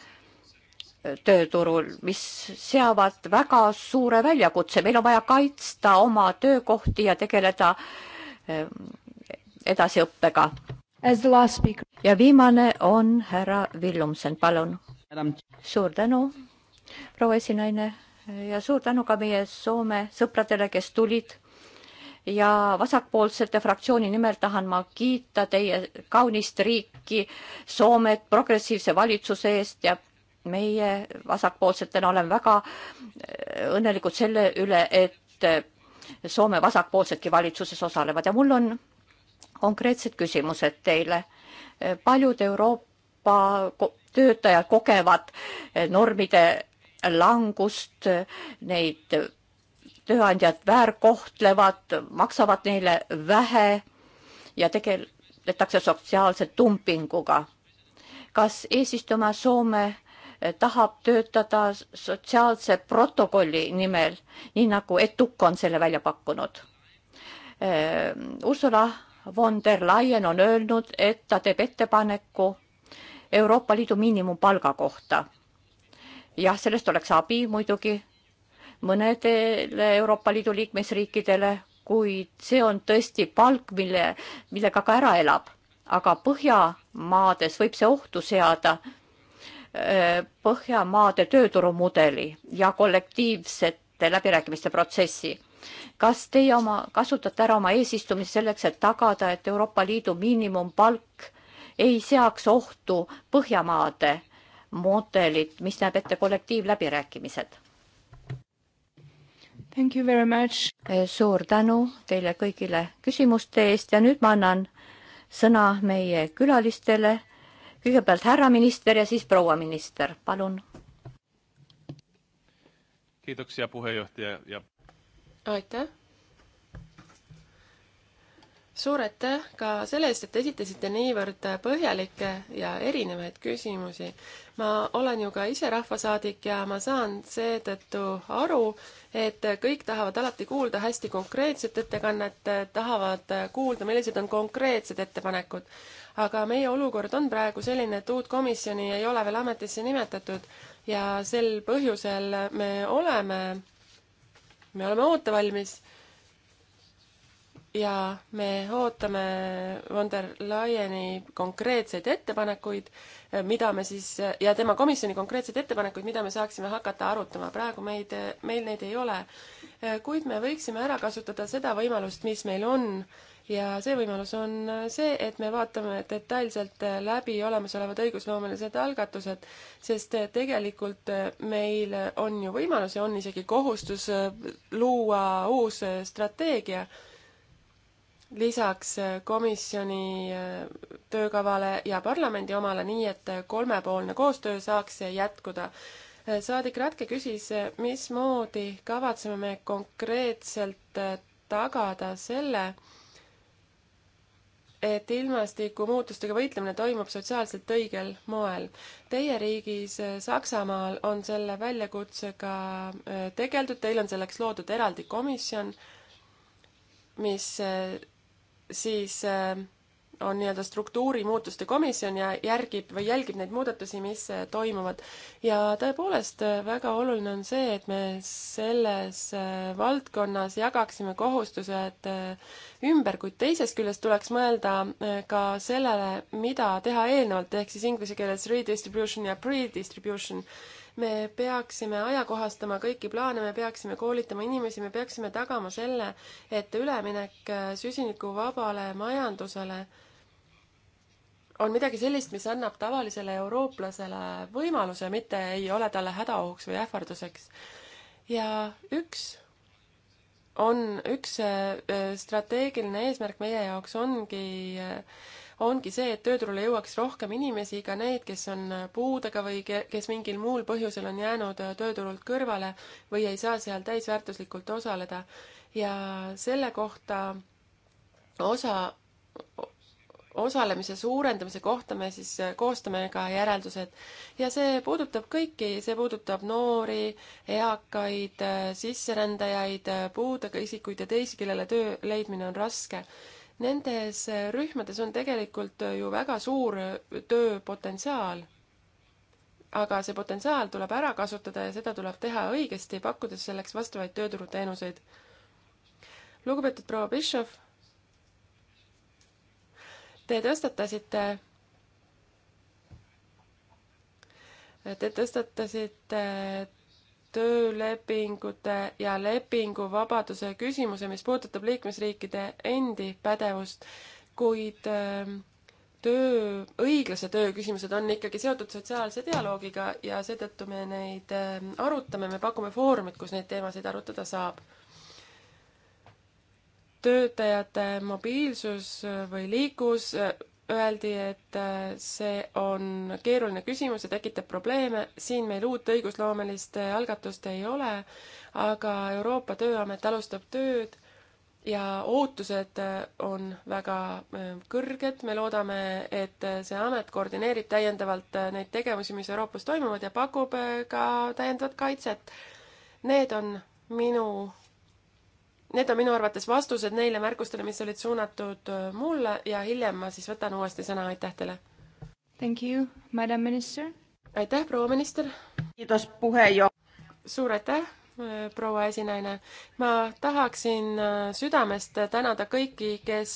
tööturul, mis seavad väga suure väljakutse. meil on vaja kaitsta oma töökohti ja tegeleda ähm, edasiõppega. ja viimane on härra Villumsen, palun. suur tänu, proua esinaine ja suur tänu ka meie Soome sõpradele, kes tulid ja vasakpoolsete fraktsiooni nimel tahan ma kiita teie kaunist riiki Soomet progressiivse valitsuse eest ja meie vasakpoolsetena oleme väga äh, õnnelikud selle üle, et äh, Soome vasakpoolsedki valitsuses osalevad ja mul on konkreetsed küsimused teile. Äh, paljud Euroopa töötajad kogevad normide langust, neid tööandjad väärkohtlevad, maksavad neile vähe ja tegeletakse sotsiaalse dumpinguga. kas eesistuma Soome tahab töötada sotsiaalse protokolli nimel, nii nagu Etuk on selle välja pakkunud. Äh, Ursula von der Leyen on öelnud, et ta teeb ettepaneku Euroopa Liidu miinimumpalga kohta. jah, sellest oleks abi muidugi mõnedele Euroopa Liidu liikmesriikidele, kuid see on tõesti palk, mille, millega ka ära elab. aga Põhjamaades võib see ohtu seada Äh, Põhjamaade tööturumudeli ja kollektiivsete läbirääkimiste protsessi. kas teie oma, kasutate ära oma eesistumist selleks, et tagada, et Euroopa Liidu miinimumpalk ei seaks ohtu Põhjamaade mudelit, mis näeb ette kollektiivläbirääkimised? Thank you very much. Äh, suur tänu teile kõigile küsimuste eest ja nüüd ma annan sõna meie külalistele kõigepealt härra minister ja siis proua minister, palun. kiitoksia, puhejuhataja ja. aitäh suur aitäh ka selle eest, et esitasite niivõrd põhjalikke ja erinevaid küsimusi. ma olen ju ka ise rahvasaadik ja ma saan seetõttu aru, et kõik tahavad alati kuulda hästi konkreetset ettekannet, tahavad kuulda, millised on konkreetsed ettepanekud. aga meie olukord on praegu selline, et uut komisjoni ei ole veel ametisse nimetatud ja sel põhjusel me oleme, me oleme ootevalmis ja me ootame von der Leyeni konkreetseid ettepanekuid, eh, mida me siis, eh, ja tema komisjoni konkreetseid ettepanekuid, mida me saaksime hakata arutama. praegu meid, eh, meil neid ei ole. kuid me võiksime ära kasutada seda võimalust, mis meil on, ja see võimalus on see, et me vaatame detailselt läbi olemasolevad õigusloomelised algatused, sest tegelikult meil on ju võimalus ja on isegi kohustus luua uus strateegia lisaks äh, komisjoni äh, töökavale ja parlamendi omale, nii et äh, kolmepoolne koostöö saaks jätkuda. saadik Ratke küsis, mismoodi kavatseme me konkreetselt tagada selle, et ilmastikumuutustega võitlemine toimub sotsiaalselt õigel moel. Teie riigis, Saksamaal, on selle väljakutsega tegeldud, teil on selleks loodud eraldi komisjon, mis siis äh, on nii-öelda struktuurimuutuste komisjon ja järgib või jälgib neid muudatusi, mis äh, toimuvad. ja tõepoolest, äh, väga oluline on see, et me selles valdkonnas jagaksime kohustused ümber, kuid teisest küljest tuleks mõelda ka sellele, mida teha eelnevalt, ehk siis inglise keeles redistribution ja pre-distribution me peaksime ajakohastama kõiki plaane, me peaksime koolitama inimesi, me peaksime tagama selle, et üleminek äh, süsinikuvabale majandusele on midagi sellist, mis annab tavalisele eurooplasele võimaluse, mitte ei ole talle hädaohuks või ähvarduseks. ja üks on, üks äh, strateegiline eesmärk meie jaoks ongi äh, ongi see, et tööturule jõuaks rohkem inimesi, ka neid, kes on puudega või kes mingil muul põhjusel on jäänud tööturult kõrvale või ei saa seal täisväärtuslikult osaleda. ja selle kohta osa, osalemise suurendamise kohta me siis koostame ka järeldused. ja see puudutab kõiki, see puudutab noori, eakaid, sisserändajaid, puudega isikuid ja teisi, kellele töö leidmine on raske. Nendes rühmades on tegelikult ju väga suur tööpotentsiaal. aga see potentsiaal tuleb ära kasutada ja seda tuleb teha õigesti, pakkudes selleks vastavaid tööturuteenuseid. lugupeetud proua Bischoff, te tõstatasite Te tõstatasite töölepingute ja lepinguvabaduse küsimuse, mis puudutab liikmesriikide endi pädevust, kuid ähm, töö, õiglase töö küsimused on ikkagi seotud sotsiaalse dialoogiga ja seetõttu me neid ähm, arutame, me pakume foorumit, kus neid teemasid arutada saab. töötajate mobiilsus äh, või liiklus, äh, öeldi, et äh, see on keeruline küsimus ja tekitab probleeme, siin meil uut õigusloomelist äh, algatust ei ole, aga Euroopa Tööamet alustab tööd ja ootused äh, on väga kõrged, me loodame, et see amet koordineerib täiendavalt neid tegevusi, mis Euroopas toimuvad ja pakub ka täiendavat kaitset. Need on minu Need on minu arvates vastused neile märkustele, mis olid suunatud äh, mulle ja hiljem ma siis võtan uuesti sõna, aitäh teile! Thank you, madam minister! aitäh, proua minister! kiitos, puhejo! suur aitäh, äh, proua esinaine! ma tahaksin äh, südamest tänada kõiki, kes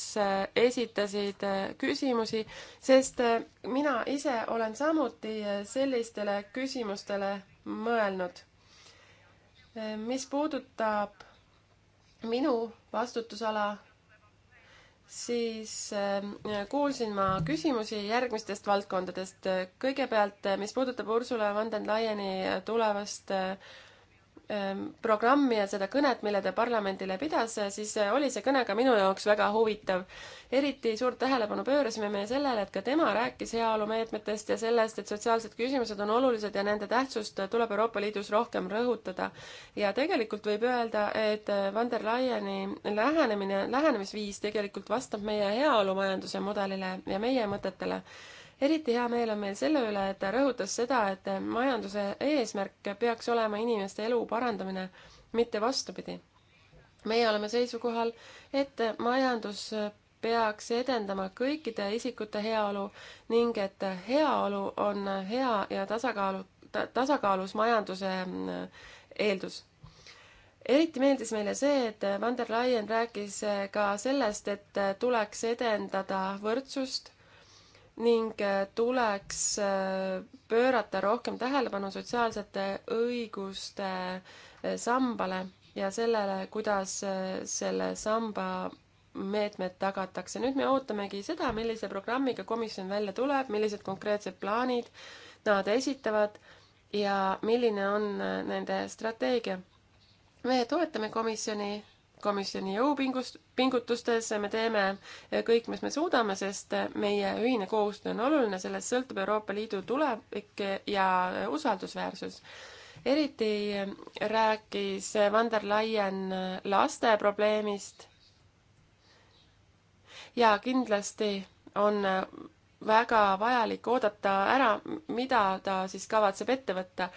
esitasid küsimusi, sest mina ise olen samuti sellistele küsimustele mõelnud. mis puudutab minu vastutusala, siis äh, kuulsin ma küsimusi järgmistest valdkondadest. kõigepealt, äh, mis puudutab Ursula von der Leyeni äh, tulevast Ähm, programmi ja seda kõnet, mille ta parlamendile pidas, siis äh, oli see kõne ka minu jaoks väga huvitav. eriti suurt tähelepanu pöörasime me sellele, et ka tema rääkis heaolumeetmetest ja sellest, et sotsiaalsed küsimused on olulised ja nende tähtsust tuleb Euroopa Liidus rohkem rõhutada. ja tegelikult võib öelda, et äh, van der Laieni lähenemine, lähenemisviis tegelikult vastab meie heaolumajanduse mudelile ja meie mõtetele eriti hea meel on meil selle üle, et ta rõhutas seda, et majanduse eesmärk peaks olema inimeste elu parandamine, mitte vastupidi. meie oleme seisukohal, et majandus peaks edendama kõikide isikute heaolu ning et heaolu on hea ja tasakaalu ta,, tasakaalus majanduse mm, eeldus eriti meeldis meile see, et Van der Laien rääkis ka sellest, et tuleks edendada võrdsust ning äh, tuleks äh, pöörata rohkem tähelepanu sotsiaalsete õiguste äh, sambale ja sellele, kuidas selle samba meetmed tagatakse. nüüd me ootamegi seda, millise programmiga komisjon välja tuleb, millised konkreetsed plaanid nad esitavad ja milline on nende strateegia. me toetame komisjoni komisjoni jõupingust, pingutustes me teeme kõik, mis me suudame, sest meie ühine kohustus on oluline, sellest sõltub Euroopa Liidu tulevik ja usaldusväärsus. eriti rääkis Van der Leyen laste probleemist ja kindlasti on väga vajalik oodata ära, mida ta siis kavatseb ette võtta.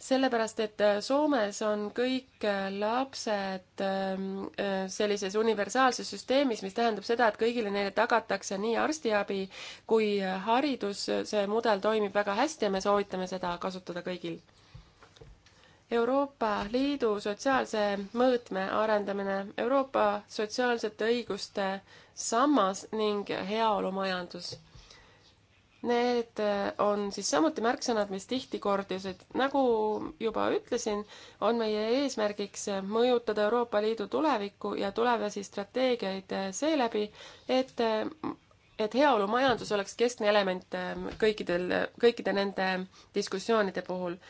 sellepärast, et Soomes on kõik lapsed ähm, äh, sellises universaalses süsteemis, mis tähendab seda, et kõigile neile tagatakse nii arstiabi kui haridus, see mudel toimib väga hästi ja me soovitame seda kasutada kõigil Euroopa Liidu sotsiaalse mõõtme arendamine, Euroopa sotsiaalsete õiguste sammas ning heaolumajandus Need äh, on siis samuti märksõnad, mis tihti kordusid. nagu juba ütlesin, on meie eesmärgiks mõjutada Euroopa Liidu tulevikku ja tulevasi strateegiaid äh, seeläbi, et, äh, et heaolumajandus oleks keskne element kõikidel, kõikide nende diskussioonide puhul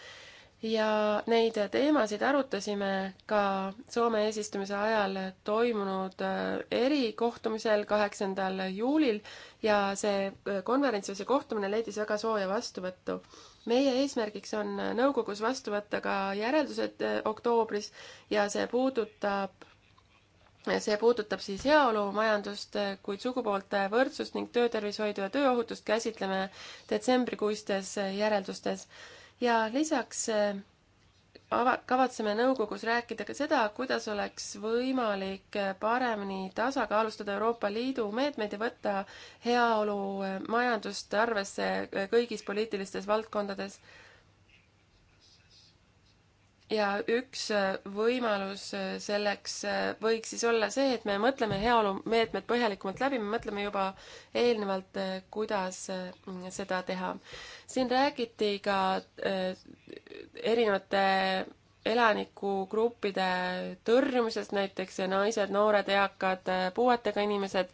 ja neid teemasid arutasime ka Soome eesistumise ajal toimunud äh, erikohtumisel, kaheksandal juulil ja see äh, konverents või see kohtumine leidis väga sooja vastuvõttu. meie eesmärgiks on nõukogus vastu võtta ka järeldused äh, oktoobris ja see puudutab, see puudutab siis heaolumajandust, kuid sugupoolte võrdsust ning töötervishoidu ja tööohutust käsitleme detsembrikuistes järeldustes ja lisaks eh, ava-, kavatseme nõukogus rääkida ka seda, kuidas oleks võimalik eh, paremini tasakaalustada Euroopa Liidu meetmeid ja võtta heaolu eh, majandust arvesse kõigis poliitilistes valdkondades ja üks äh, võimalus äh, selleks äh, võiks siis olla see, et me mõtleme heaolumeetmed põhjalikumalt läbi, me mõtleme juba eelnevalt, kuidas seda teha. siin räägiti ka erinevate elanikugruppide tõrjumisest, näiteks naised, noored, eakad, puuetega inimesed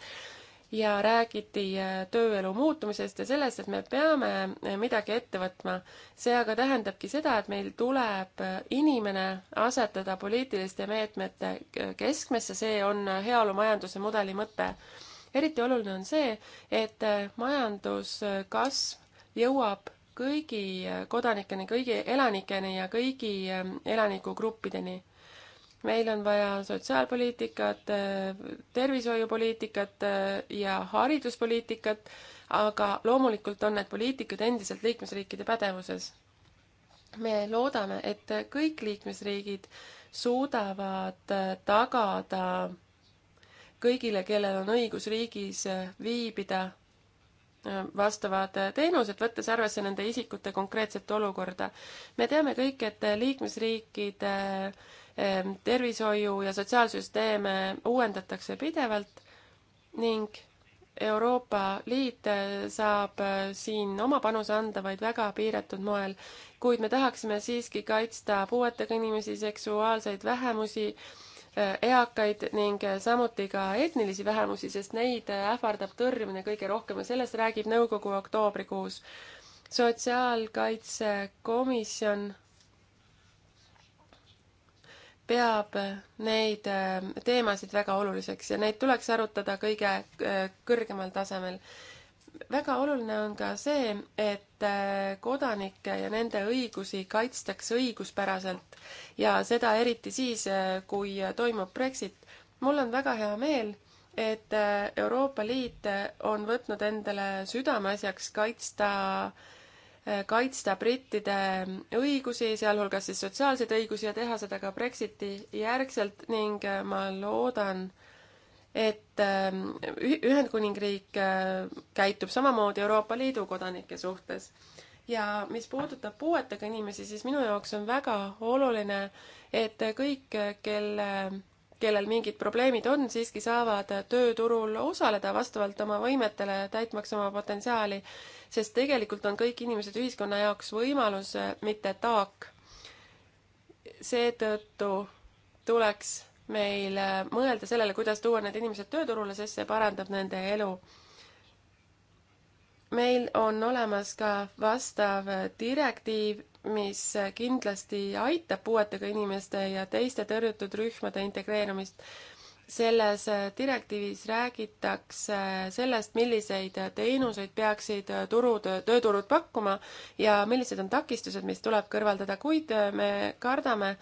ja räägiti äh, tööelu muutumisest ja sellest, et me peame äh, midagi ette võtma. see aga tähendabki seda, et meil tuleb äh, inimene asetada poliitiliste meetmete keskmesse, see on heaolumajanduse mudeli mõte. eriti oluline on see, et majanduskasv jõuab kõigi kodanikeni, kõigi elanikeni ja kõigi elanikugruppideni meil on vaja sotsiaalpoliitikat, tervishoiupoliitikat ja hariduspoliitikat, aga loomulikult on need poliitikad endiselt liikmesriikide pädevuses. me loodame, et kõik liikmesriigid suudavad tagada kõigile, kellel on õigus riigis viibida, vastavad teenused, võttes arvesse nende isikute konkreetset olukorda. me teame kõik, et liikmesriikide äh, Ehm, tervishoiu- ja sotsiaalsüsteeme uuendatakse pidevalt ning Euroopa Liit eh, saab eh, siin oma panuse anda vaid väga piiratud moel, kuid me tahaksime siiski kaitsta puuetega inimesi, seksuaalseid vähemusi, eh, eakaid ning samuti ka etnilisi vähemusi, sest neid ähvardab tõrjumine kõige rohkem ja sellest räägib nõukogu oktoobrikuus. sotsiaalkaitsekomisjon peab neid äh, teemasid väga oluliseks ja neid tuleks arutada kõige äh, kõrgemal tasemel. väga oluline on ka see, et äh, kodanikke ja nende õigusi kaitstakse õiguspäraselt ja seda eriti siis, kui toimub Brexit. mul on väga hea meel, et Euroopa Liit on võtnud endale südameasjaks kaitsta äh, Äh, kaitsta brittide õigusi, sealhulgas siis sotsiaalseid õigusi ja teha seda ka Brexiti järgselt ning äh, ma loodan, et ähm, Ühendkuningriik äh, käitub samamoodi Euroopa Liidu kodanike suhtes. ja mis puudutab puuetega inimesi, siis minu jaoks on väga oluline, et kõik, kelle kellel mingid probleemid on, siiski saavad tööturul osaleda vastavalt oma võimetele, täitmaks oma potentsiaali, sest tegelikult on kõik inimesed ühiskonna jaoks võimalus, mitte taak. seetõttu tuleks meil mõelda sellele, kuidas tuua need inimesed tööturule, sest see parandab nende elu. meil on olemas ka vastav direktiiv mis kindlasti aitab puuetega inimeste ja teiste tõrjutud rühmade integreerumist. selles direktiivis räägitakse sellest, milliseid teenuseid peaksid turud, tööturud pakkuma ja millised on takistused, mis tuleb kõrvaldada, kuid me kardame,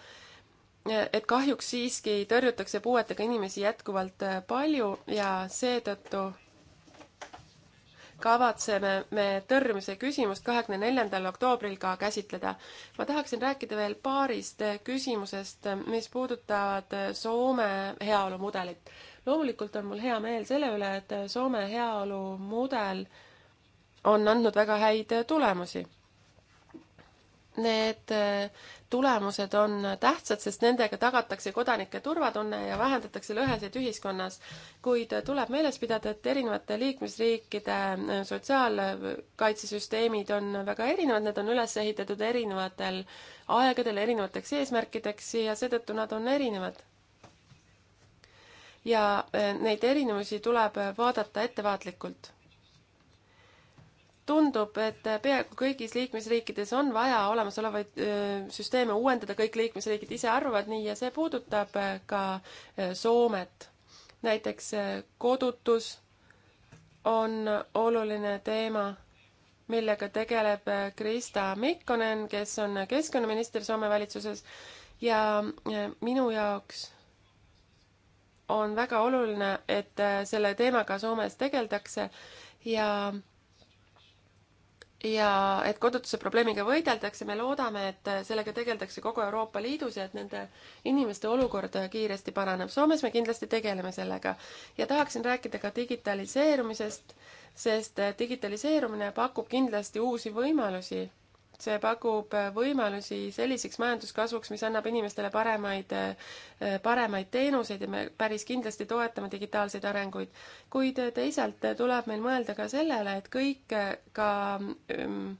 et kahjuks siiski tõrjutakse puuetega inimesi jätkuvalt palju ja seetõttu kavatseme me tõrjumise küsimust kahekümne neljandal oktoobril ka käsitleda. ma tahaksin rääkida veel paarist küsimusest, mis puudutavad Soome heaolumudelit. loomulikult on mul hea meel selle üle, et Soome heaolumudel on andnud väga häid tulemusi Need äh, tulemused on tähtsad, sest nendega tagatakse kodanike turvatunne ja vähendatakse lõhesid ühiskonnas. kuid tuleb meeles pidada, et erinevate liikmesriikide äh, sotsiaalkaitsesüsteemid on väga erinevad, need on üles ehitatud erinevatel aegadel erinevateks eesmärkideks ja seetõttu nad on erinevad. ja äh, neid erinevusi tuleb vaadata ettevaatlikult tundub, et peaaegu kõigis liikmesriikides on vaja olemasolevaid süsteeme uuendada, kõik liikmesriigid ise arvavad nii ja see puudutab äh, ka äh, Soomet. näiteks äh, kodutus on oluline teema, millega tegeleb Krista Mikkonen, kes on keskkonnaminister Soome valitsuses ja minu jaoks on väga oluline, et selle teemaga Soomes tegeldakse ja ja et kodutuse probleemiga võideldakse, me loodame, et sellega tegeldakse kogu Euroopa Liidus ja et nende inimeste olukord kiiresti paraneb. Soomes me kindlasti tegeleme sellega. ja tahaksin rääkida ka digitaliseerumisest, sest digitaliseerumine pakub kindlasti uusi võimalusi see pakub võimalusi selliseks majanduskasvuks, mis annab inimestele paremaid, paremaid teenuseid ja me päris kindlasti toetame digitaalseid arenguid. kuid teisalt tuleb meil mõelda ka sellele, et kõik ka ähm,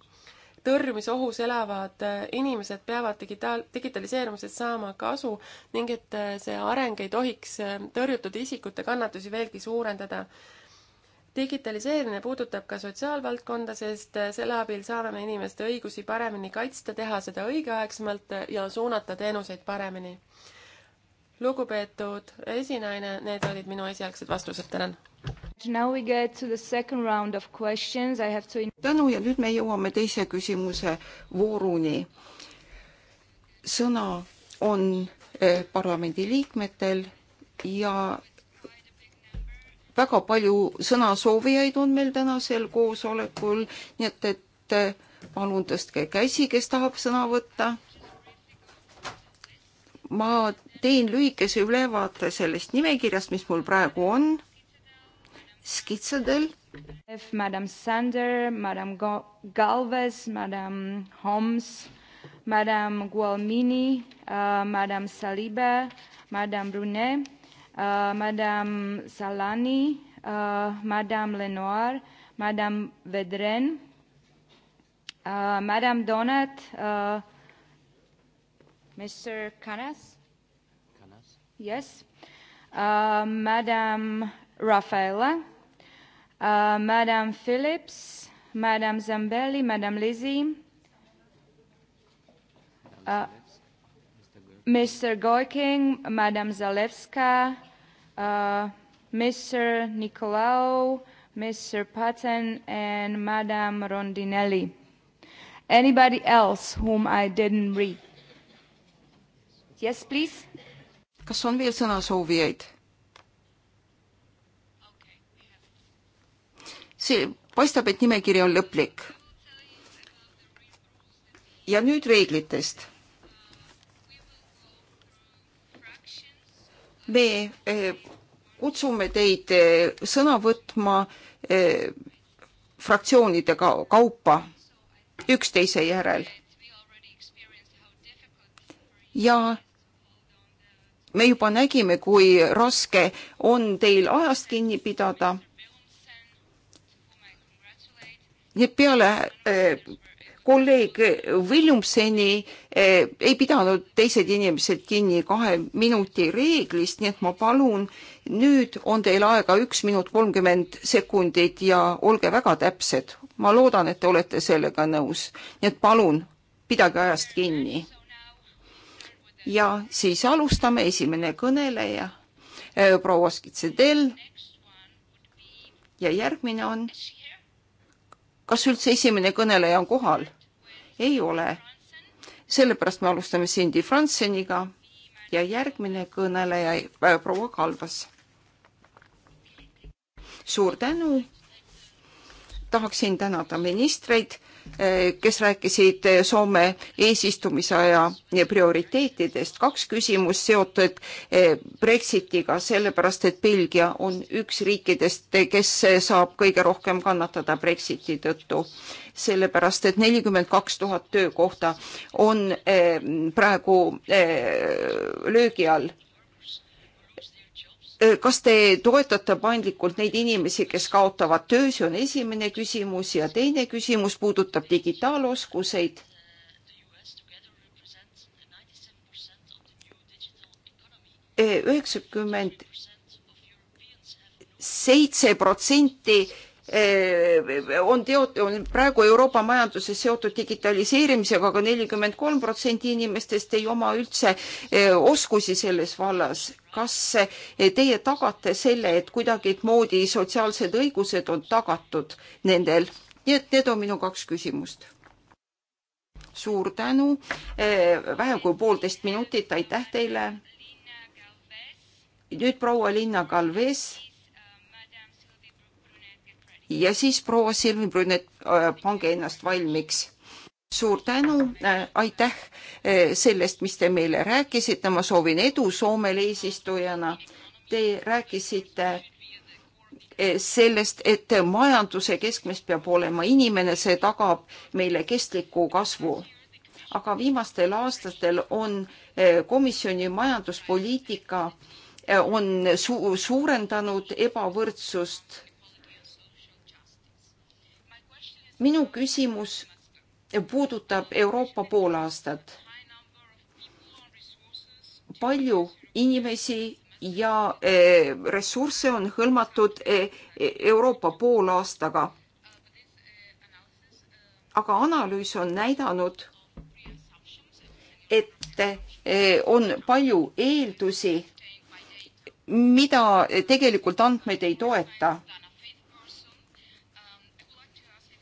tõrjumisohus elavad inimesed peavad digitaal, digitaliseerumisest saama kasu ning et see areng ei tohiks tõrjutud isikute kannatusi veelgi suurendada digitaliseerimine puudutab ka sotsiaalvaldkonda, sest äh, selle abil saame me inimeste õigusi paremini kaitsta, teha seda õigeaegsemalt ja suunata teenuseid paremini. lugupeetud esinaine, need olid minu esialgsed vastused, tänan. Now we get to the second round of questions, I have to tänu ja nüüd me jõuame teise küsimuse vooruni. sõna on eh, parlamendiliikmetel ja väga palju sõnasoovijaid on meil tänasel koosolekul, nii et, et eh, palun tõstke käsi, kes tahab sõna võtta. ma teen lühikese ülevaate sellest nimekirjast, mis mul praegu on. skitsadel. Madam Sander, Madam Galvez, Madam Holmes, Madam Gualmini uh,, Madam Saliba, Madam Brunet uh, Madame Salani, uh, Madame Lenoir, Madame Vedren, uh, Madame Donat, uh, Mr. Canas? Canas? Yes. Uh, Madame Raffaella, uh, Madame Phillips, Madame Zambelli, Madame Lizzie, uh, Mr. Goiking, Madame Zalewska, uh, Mr. Nicolau, Mr. Patton, and Madame Rondinelli. Anybody else whom I didn't read? Yes, please. kas on veel sõnasoovijaid? see paistab, et nimekiri on lõplik. ja nüüd reeglitest me eh, kutsume teid eh, sõna võtma eh, fraktsioonide kaupa üksteise järel. ja me juba nägime, kui raske on teil ajast kinni pidada. nii et peale kolleeg Williamseni eh, ei pidanud teised inimesed kinni kahe minuti reeglist, nii et ma palun, nüüd on teil aega üks minut kolmkümmend sekundit ja olge väga täpsed. ma loodan, et te olete sellega nõus, nii et palun pidage ajast kinni. ja siis alustame, esimene kõneleja eh,, proua Skitsedel. ja järgmine on kas üldse esimene kõneleja on kohal? ei ole. sellepärast me alustame Cindy Franseniga ja järgmine kõneleja äh, proua Kalvas. suur tänu. tahaksin tänada ministreid Eh, kes rääkisid eh, Soome eesistumise aja eh, prioriteetidest. kaks küsimust seotud Brexitiga, sellepärast et Belgia on üks riikidest, kes saab kõige rohkem kannatada Brexiti tõttu. sellepärast et nelikümmend kaks tuhat töökohta on praegu löögi all kas te toetate paindlikult neid inimesi, kes kaotavad töö, see on esimene küsimus ja teine küsimus puudutab digitaaloskuseid. üheksakümmend seitse protsenti Eh, on teot-, on praegu Euroopa majanduses seotud digitaliseerimisega, aga nelikümmend kolm protsenti inimestest ei oma üldse eh, oskusi selles vallas. kas eh, teie tagate selle, et kuidagimoodi sotsiaalsed õigused on tagatud nendel? nii et need on minu kaks küsimust. suur tänu, vähem kui poolteist minutit, aitäh teile. nüüd proua Linna Kalves ja siis proua Silvi Brünnet, äh, pange ennast valmiks. suur tänu, äh, aitäh äh, sellest, mis te meile rääkisite, ma soovin edu Soomele eesistujana. Te rääkisite sellest, et majanduse keskmes peab olema inimene, see tagab meile kestliku kasvu. aga viimastel aastatel on komisjoni majanduspoliitika on su suurendanud ebavõrdsust minu küsimus puudutab Euroopa poolaastat. palju inimesi ja e, ressursse on hõlmatud e, e, Euroopa poolaastaga. aga analüüs on näidanud, et on palju eeldusi, mida tegelikult andmed ei toeta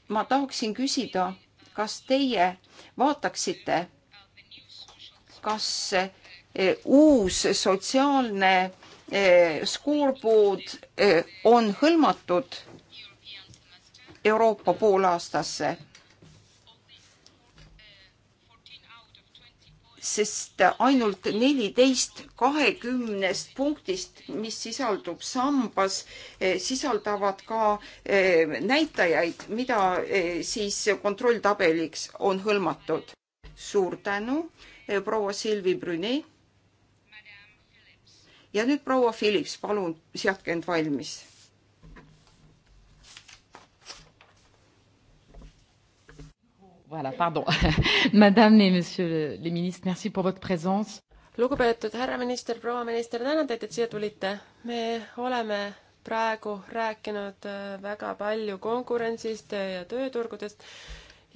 ma tahaksin küsida, kas teie vaataksite, kas eh, uus sotsiaalne eh, skoorboard eh, on hõlmatud Euroopa poolaastasse sest ainult neliteist kahekümnest punktist, mis sisaldub sambas, eh, sisaldavad ka eh, näitajaid, mida eh, siis kontrolltabeliks on hõlmatud. suur tänu, proua Silvi Brüne. ja nüüd proua Philips, palun seadke end valmis Voilà, pardon. <laughs> Madame et monsieur les ministres, merci pour votre présence. lugupeetud härra minister, proua minister, tänan teid, et siia tulite. me oleme praegu rääkinud äh, väga palju konkurentsist ja tööturgudest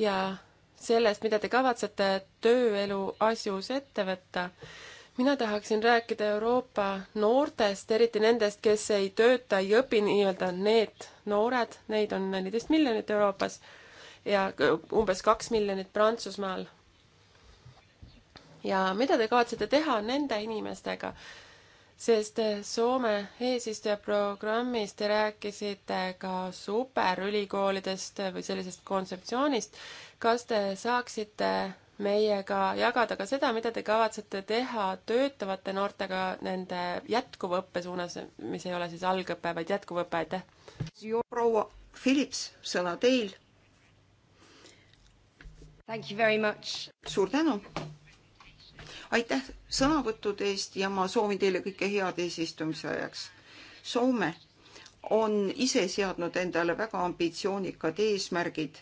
ja sellest, mida te kavatsete tööelu asjus ette võtta mina tahaksin rääkida Euroopa noortest, eriti nendest, kes ei tööta, ei õpi, nii-öelda need noored, neid on neliteist miljonit Euroopas ja umbes kaks miljonit Prantsusmaal. ja mida te kavatsete teha nende inimestega? sest eh, Soome eesistuja programmis te rääkisite ka superülikoolidest või sellisest kontseptsioonist. kas te saaksite meiega jagada ka seda, mida te kavatsete teha töötavate noortega nende jätkuva õppe suunas, mis ei ole siis algõpe, vaid jätkuv õpe, aitäh! proua Philips, sõna teil suur tänu. aitäh sõnavõttude eest ja ma soovin teile kõike head eesistumise ajaks. Soome on ise seadnud endale väga ambitsioonikad eesmärgid,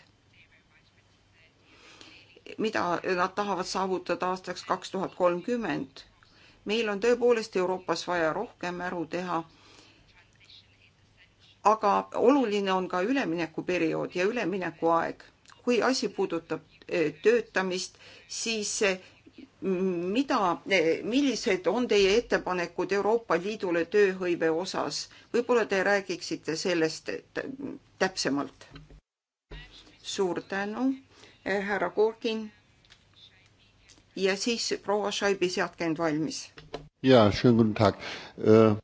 mida nad tahavad saavutada aastaks kaks tuhat kolmkümmend. meil on tõepoolest Euroopas vaja rohkem äru teha. aga oluline on ka üleminekuperiood ja üleminekuaeg. kui asi puudutab töötamist, siis mida, millised on teie ettepanekud Euroopa Liidule tööhõive osas? võib-olla te räägiksite sellest täpsemalt? suur tänu, härra Korkin. ja siis proua Šaibi, seadke end valmis. ja,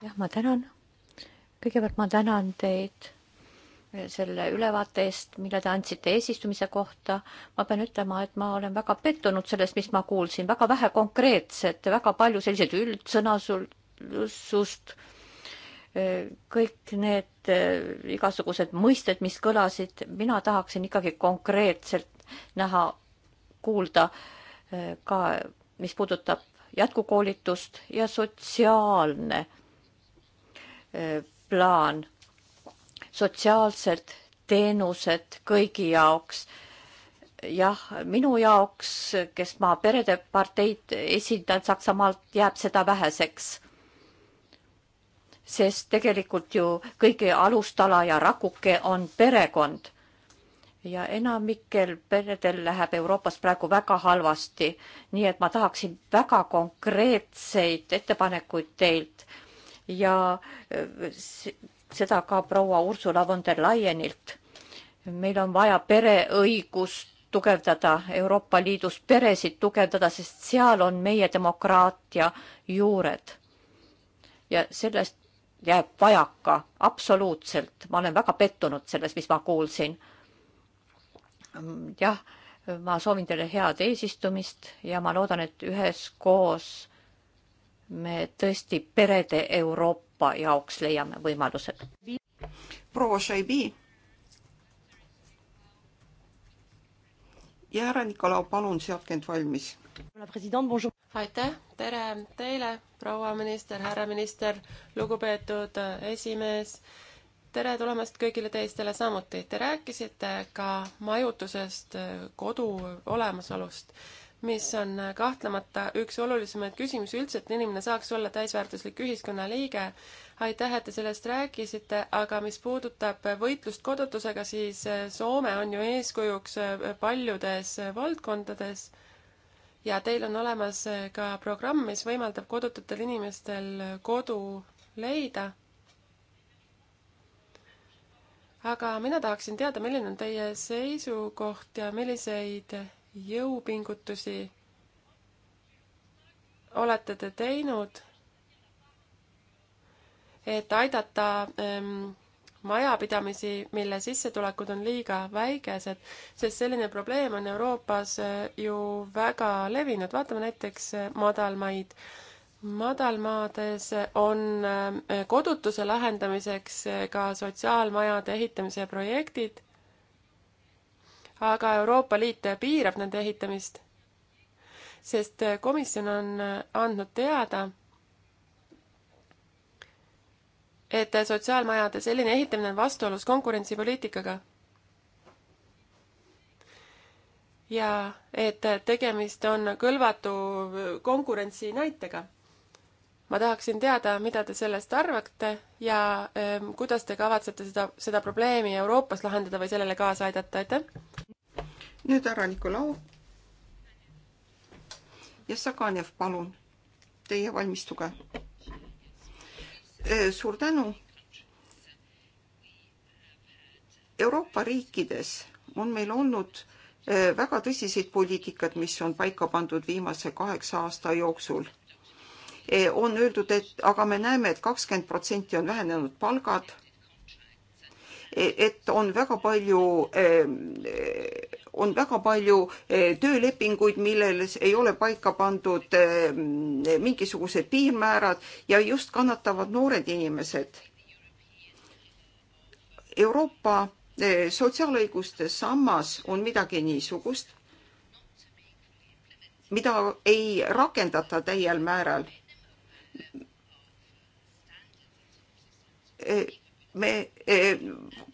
jah, ma tänan. kõigepealt ma tänan teid selle ülevaate eest, mille te andsite eesistumise kohta. ma pean ütlema, et ma olen väga pettunud sellest, mis ma kuulsin, väga vähe konkreetset, väga palju selliseid üldsõnasust, kõik need eh, igasugused mõisted, mis kõlasid, mina tahaksin ikkagi konkreetselt näha, kuulda eh, ka, mis puudutab jätkukoolitust ja sotsiaalne eh, plaan sotsiaalsed teenused kõigi jaoks. jah, minu jaoks, kes ma perede parteid esindan Saksamaalt, jääb seda väheseks. sest tegelikult ju kõige alustala ja rakuke on perekond. ja enamikel peredel läheb Euroopas praegu väga halvasti, nii et ma tahaksin väga konkreetseid ettepanekuid teilt ja seda ka proua Ursula von der Leyenilt. meil on vaja pereõigust tugevdada, Euroopa Liidus peresid tugevdada, sest seal on meie demokraatia juured. ja sellest jääb vajaka, absoluutselt. ma olen väga pettunud selles, mis ma kuulsin. jah, ma soovin teile head eesistumist ja ma loodan, et üheskoos me tõesti perede Euroopa Euroopa jaoks leiame võimalused. proua Šaibi. ja härra Nikolau, palun seadke end valmis. aitäh, tere teile, proua minister, härra minister, lugupeetud äh, esimees tere tulemast kõigile teistele samuti. Te rääkisite ka majutusest, äh, kodu olemasolust mis on kahtlemata üks olulisemaid küsimusi üldse, et inimene saaks olla täisväärtuslik ühiskonnaliige. aitäh, et te sellest rääkisite, aga mis puudutab võitlust kodutusega, siis äh, Soome on ju eeskujuks äh, paljudes äh, valdkondades ja teil on olemas ka programm, mis võimaldab kodututel inimestel kodu leida. aga mina tahaksin teada, milline on teie seisukoht ja milliseid jõupingutusi olete te teinud, et aidata ähm, majapidamisi, mille sissetulekud on liiga väikesed, sest selline probleem on Euroopas eh, ju väga levinud, vaatame näiteks eh, madalmaid. madalmaades on eh, kodutuse lahendamiseks ka sotsiaalmajade ehitamise projektid aga Euroopa Liit piirab nende ehitamist, sest komisjon on andnud teada, et sotsiaalmajade selline ehitamine on vastuolus konkurentsipoliitikaga. ja et tegemist on kõlvatu konkurentsi näitega ma tahaksin teada, mida te sellest arvate ja ähm, kuidas te kavatsete seda, seda probleemi Euroopas lahendada või sellele kaasa aidata, aitäh! nüüd härra Nikolau. ja Saganev, palun, teie valmistuge. Äh, suur tänu. Euroopa riikides on meil olnud äh, väga tõsiseid poliitikat, mis on paika pandud viimase kaheksa aasta jooksul. Äh, on öeldud, et aga me näeme et, et kakskümmend protsenti on vähenenud palgad. et on väga palju on väga palju eh, töölepinguid, milles ei ole paika pandud eh, mingisugused piirmäärad ja just kannatavad noored inimesed. Euroopa eh, sotsiaalõiguste sammas on midagi niisugust, mida ei rakendata täiel määral me, e,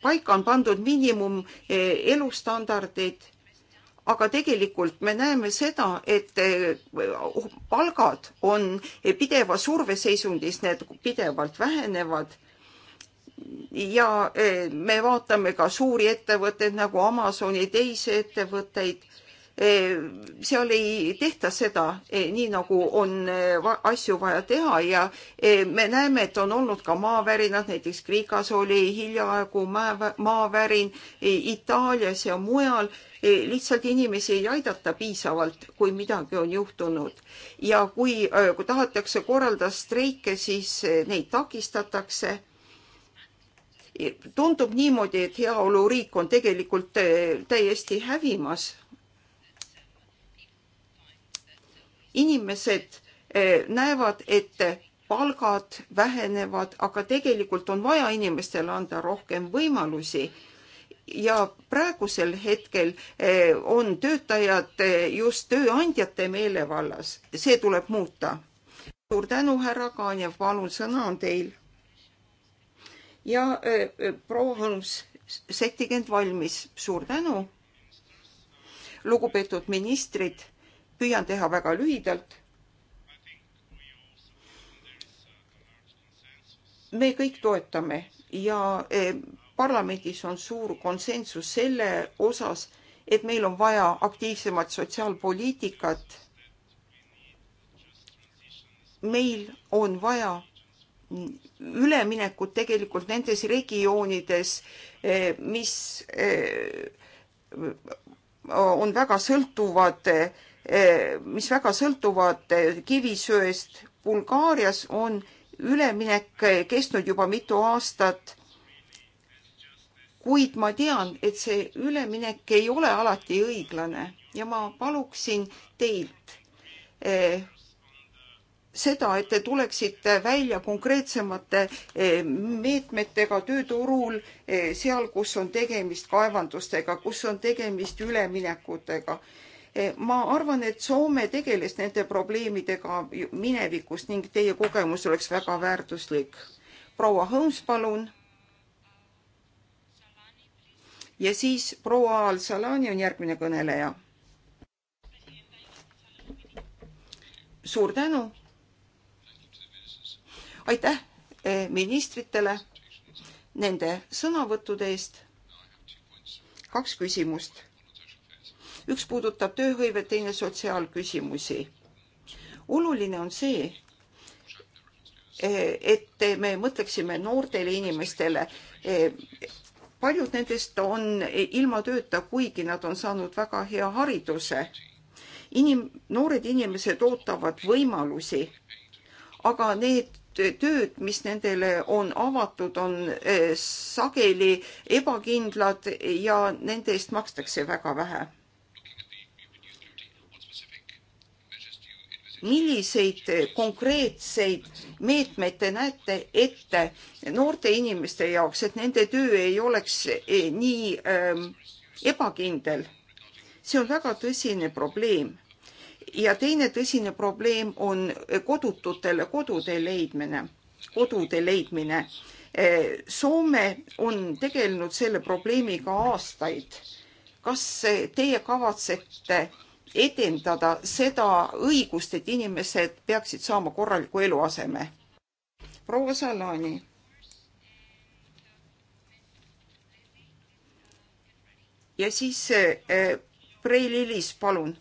paika on pandud miinimum e, elustandardid, aga tegelikult me näeme seda, et e, palgad on pideva surveseisundis, need pidevalt vähenevad. ja me vaatame ka suuri ettevõtteid nagu Amazoni, teisi ettevõtteid Eh, seal ei tehta seda eh, nii, nagu on eh, asju vaja teha ja me näeme, et on olnud ka maavärinad, näiteks Kreekas oli hiljaaegu maavärin, Itaalias ja mujal lihtsalt inimesi ei aidata piisavalt, kui midagi on juhtunud. ja kui, kui tahetakse korraldada streike, siis neid takistatakse. tundub niimoodi, et heaoluriik on tegelikult täiesti hävimas inimesed eh, näevad, et palgad vähenevad, aga tegelikult on vaja inimestele anda rohkem võimalusi. ja praegusel hetkel eh, on töötajad eh, just tööandjate meelevallas, see tuleb muuta. suur tänu, härra Kaanjev, palun, sõna on teil. ja proua Holmes, sättige end valmis, suur tänu. lugupeetud ministrid püüan teha väga lühidalt. me kõik toetame ja e, parlamendis on suur konsensus selle osas, et meil on vaja aktiivsemat sotsiaalpoliitikat. meil on vaja üleminekut tegelikult nendes regioonides, e, mis e, on väga sõltuvad Eh, mis väga sõltuvad eh, kivisöest. Bulgaarias on üleminek eh, kestnud juba mitu aastat. kuid ma tean, et see üleminek ei ole alati õiglane ja ma paluksin teilt seda, et te tuleksite välja konkreetsemate meetmetega tööturul, seal, kus on tegemist kaevandustega, kus on tegemist üleminekutega ma arvan, et Soome tegeles nende probleemidega minevikus ning teie kogemus oleks väga väärtuslik. proua Holmes, palun. ja siis proua Al-Salani on järgmine kõneleja. suur tänu. aitäh eh, ministritele nende sõnavõttude eest. kaks küsimust üks puudutab tööhõivet, teine sotsiaalküsimusi. oluline on see, e, et me mõtleksime noortele inimestele. E, paljud nendest on ilma tööta, kuigi nad on saanud väga hea hariduse. inim-, noored inimesed ootavad võimalusi, aga need tööd, mis nendele on avatud, on e, sageli ebakindlad ja nende eest makstakse väga vähe milliseid eh, konkreetseid meetmeid te näete ette noorte inimeste jaoks, et nende töö ei oleks eh, nii ähm, ebakindel? see on väga tõsine probleem. ja teine tõsine probleem on eh, kodututele kodude leidmine, kodude leidmine. Soome on tegelenud selle probleemiga aastaid. kas teie kavatsete äh, edendada seda õigust, et inimesed peaksid saama korraliku eluaseme. proua Salani. ja siis äh, Prei Lilis, palun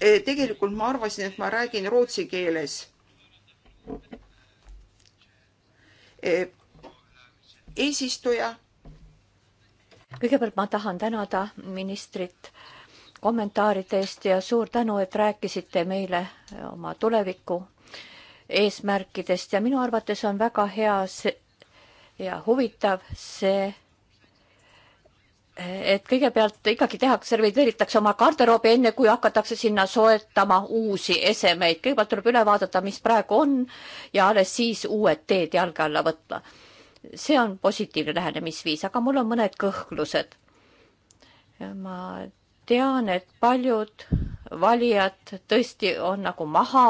e,. tegelikult ma arvasin, et ma räägin rootsi keeles e,. eesistuja kõigepealt ma tahan tänada ministrit kommentaaride eest ja suur tänu, et rääkisite meile oma tuleviku eesmärkidest ja minu arvates on väga hea see ja huvitav see, et kõigepealt ikkagi tehakse, revideeritakse oma garderoobi, enne kui hakatakse sinna soetama uusi esemeid. kõigepealt tuleb üle vaadata, mis praegu on ja alles siis uued teed jalge alla võtta see on positiivne lähenemisviis, aga mul on mõned kõhklused. ma tean, et paljud valijad tõesti on nagu maha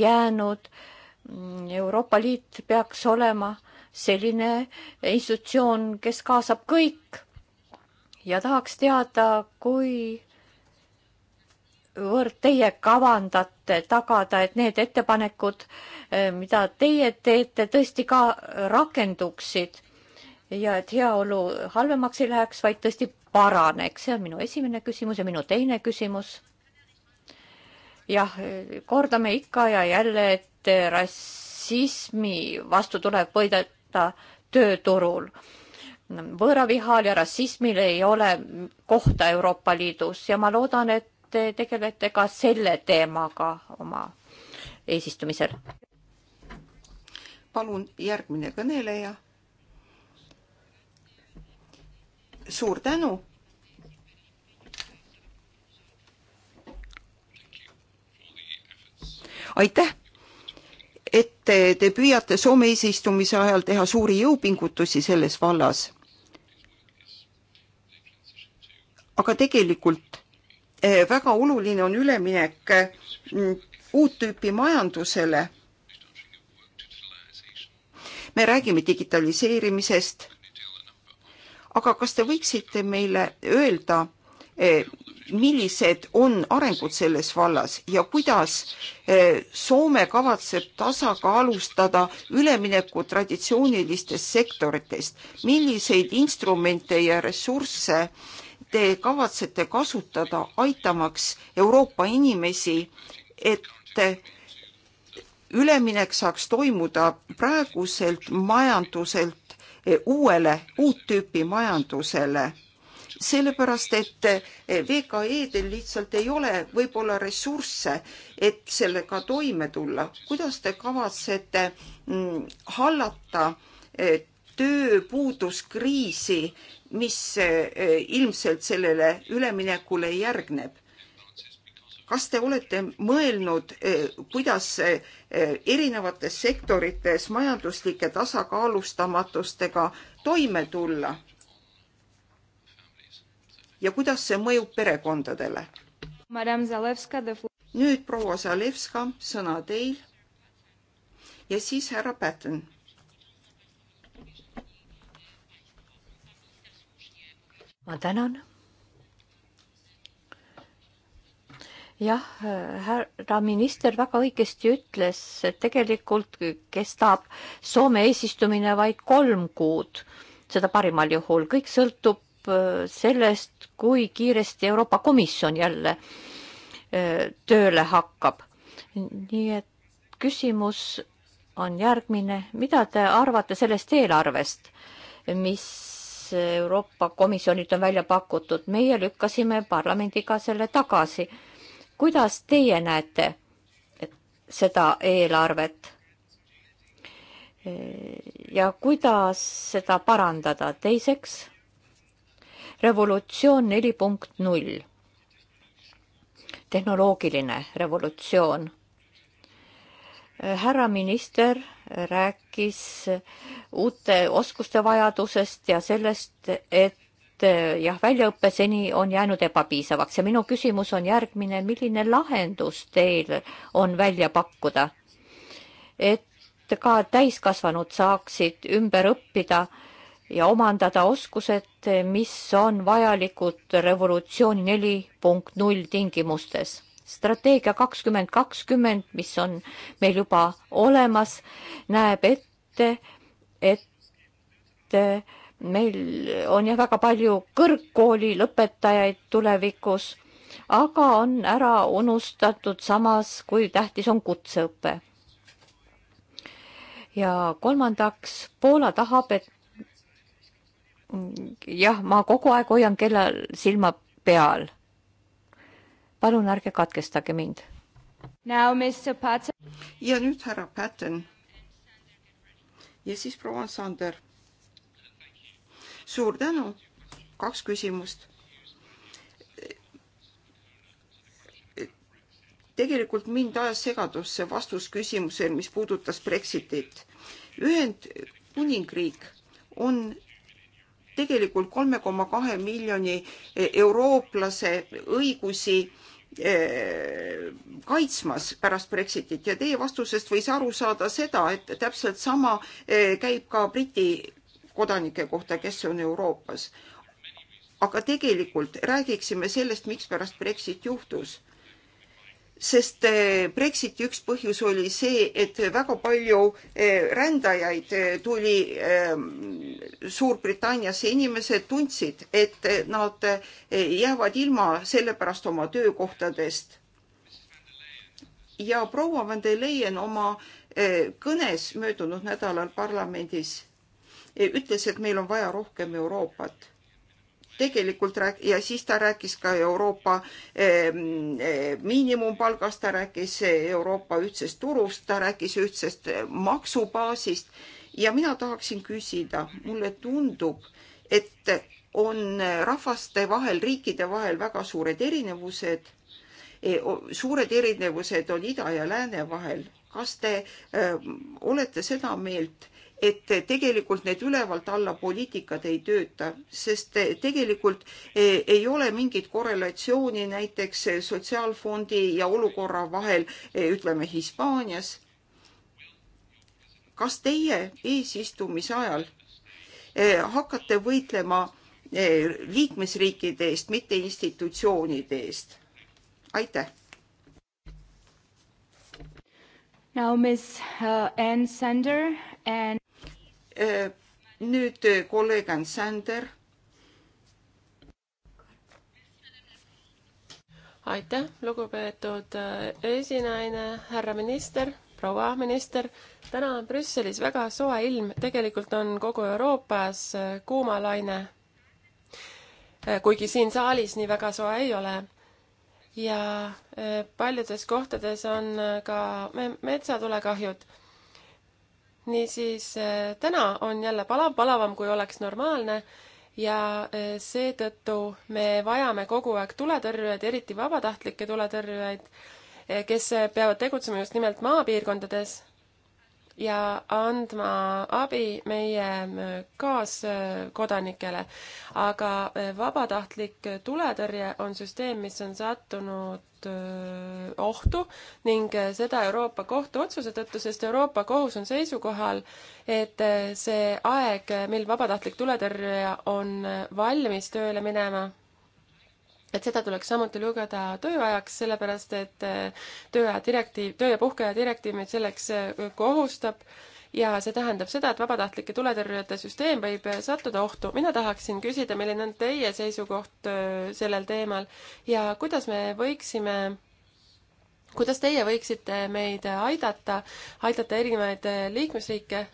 jäänud. Euroopa Liit peaks olema selline institutsioon, kes kaasab kõik ja tahaks teada, kui kuivõrd teie kavandate tagada, et need ettepanekud, eh, mida teie teete, tõesti ka rakenduksid ja et heaolu halvemaks ei läheks, vaid tõesti paraneks, see on minu esimene küsimus ja minu teine küsimus. jah, kordame ikka ja jälle, et rassismi vastu tuleb võidelda tööturul. võõravihal ja rassismil ei ole kohta Euroopa Liidus ja ma loodan, et te tegelete ka selle teemaga oma eesistumisel? palun järgmine kõneleja. suur tänu. aitäh, et te püüate Soome eesistumise ajal teha suuri jõupingutusi selles vallas. aga tegelikult Eh, väga oluline on üleminek mm, uut tüüpi majandusele. me räägime digitaliseerimisest. aga kas te võiksite meile öelda, eh, millised on arengud selles vallas ja kuidas eh, Soome kavatseb tasakaalustada ülemineku traditsioonilistest sektoritest, milliseid instrumente ja ressursse äh, te kavatsete kasutada aitamaks Euroopa inimesi, et üleminek saaks toimuda praeguselt majanduselt eh, uuele, uut tüüpi majandusele sellepärast, et eh, VKE-del lihtsalt ei ole võib-olla ressursse, et sellega toime tulla. kuidas te kavatsete mm, hallata eh, tööpuuduskriisi, mis eh, ilmselt sellele üleminekule järgneb. kas te olete mõelnud, eh, kuidas eh, erinevates sektorites majanduslike tasakaalustamatustega toime tulla? ja kuidas see mõjub perekondadele? nüüd proua Zalewska, sõna teil. ja siis härra Patten ma tänan. jah, härra minister väga õigesti ütles, et tegelikult kestab Soome eesistumine vaid kolm kuud, seda parimal juhul, kõik sõltub äh, sellest, kui kiiresti Euroopa Komisjon jälle äh, tööle hakkab. nii et küsimus on järgmine, mida te arvate sellest eelarvest, mis mis Euroopa Komisjonilt on välja pakutud. meie lükkasime parlamendiga selle tagasi. kuidas teie näete seda eelarvet? ja kuidas seda parandada? teiseks, revolutsioon neli punkt null. tehnoloogiline revolutsioon. härra minister rääkis uute oskuste vajadusest ja sellest, et jah, väljaõpe seni on jäänud ebapiisavaks ja minu küsimus on järgmine, milline lahendus teil on välja pakkuda, et ka täiskasvanud saaksid ümber õppida ja omandada oskused, mis on vajalikud revolutsiooni neli punkt null tingimustes strateegia kakskümmend kakskümmend, mis on meil juba olemas, näeb ette, et meil on jah väga palju kõrgkooli lõpetajaid tulevikus, aga on ära unustatud samas, kui tähtis on kutseõpe. ja kolmandaks, Poola tahab, et jah, ma kogu aeg hoian kella silma peal palun ärge katkestage mind. ja nüüd härra Patten. ja siis proua Sander. suur tänu, kaks küsimust tegelikult mind ajas segadusse vastus küsimusel, mis puudutas Brexitit. Ühendkuningriik on tegelikult kolme koma kahe miljoni eurooplase õigusi Eh, kaitsmas pärast Brexitit ja teie vastusest võis aru saada seda, et täpselt sama eh, käib ka Briti kodanike kohta, kes on Euroopas. aga tegelikult räägiksime sellest, mikspärast Brexit juhtus sest eh, Brexiti üks põhjus oli see, et väga palju eh, rändajaid eh, tuli Suurbritanniasse, inimesed tundsid, et nad jäävad ilma sellepärast oma töökohtadest. ja proua van der Leyen oma kõnes möödunud nädalal parlamendis ütles, et meil on vaja rohkem Euroopat tegelikult rääk- ja siis ta rääkis ka Euroopa eh, miinimumpalgast, ta rääkis Euroopa ühtsest turust, ta rääkis ühtsest ehm, maksubaasist ja mina tahaksin küsida, mulle tundub, et on rahvaste vahel, riikide vahel väga suured erinevused eh,, suured erinevused on ida ja lääne vahel. kas te eh, olete seda meelt, et tegelikult need ülevalt alla poliitikad ei tööta, sest tegelikult e, ei ole mingit korrelatsiooni näiteks sotsiaalfondi ja olukorra vahel, e, ütleme Hispaanias. kas teie eesistumise ajal e, hakkate võitlema liikmesriikide eest, mitte institutsioonide eest? aitäh. Now Ms uh, Ann Sander and nüüd eh, kolleeg Ansander. aitäh, lugupeetud eh, esinaine, härra minister, proua minister. täna on Brüsselis väga soe ilm, tegelikult on kogu Euroopas eh, kuumalaine. kuigi siin saalis nii väga soe ei ole ja paljudes kohtades on ka metsatulekahjud niisiis eh, täna on jälle palav, palavam kui oleks normaalne ja eh, seetõttu me vajame kogu aeg tuletõrjujaid, eriti vabatahtlikke tuletõrjujaid, eh, kes peavad tegutsema just nimelt maapiirkondades ja andma abi meie äh, kaaskodanikele. aga äh, vabatahtlik tuletõrje on süsteem, mis on sattunud äh, ohtu ning seda Euroopa Kohtu otsuse tõttu, sest Euroopa Kohus on seisukohal, et see aeg, mil vabatahtlik tuletõrjuja on valmis tööle minema, et seda tuleks samuti lugeda tööajaks, sellepärast et eh, tööaja direktiiv, töö- ja puhkeaja direktiiv meid selleks eh, kohustab ja see tähendab seda, et vabatahtlike tuletõrjujate süsteem võib eh, sattuda ohtu. mina tahaksin küsida, milline on teie seisukoht sellel teemal ja kuidas me võiksime kuidas teie võiksite meid aidata, aidata erinevaid liikmesriike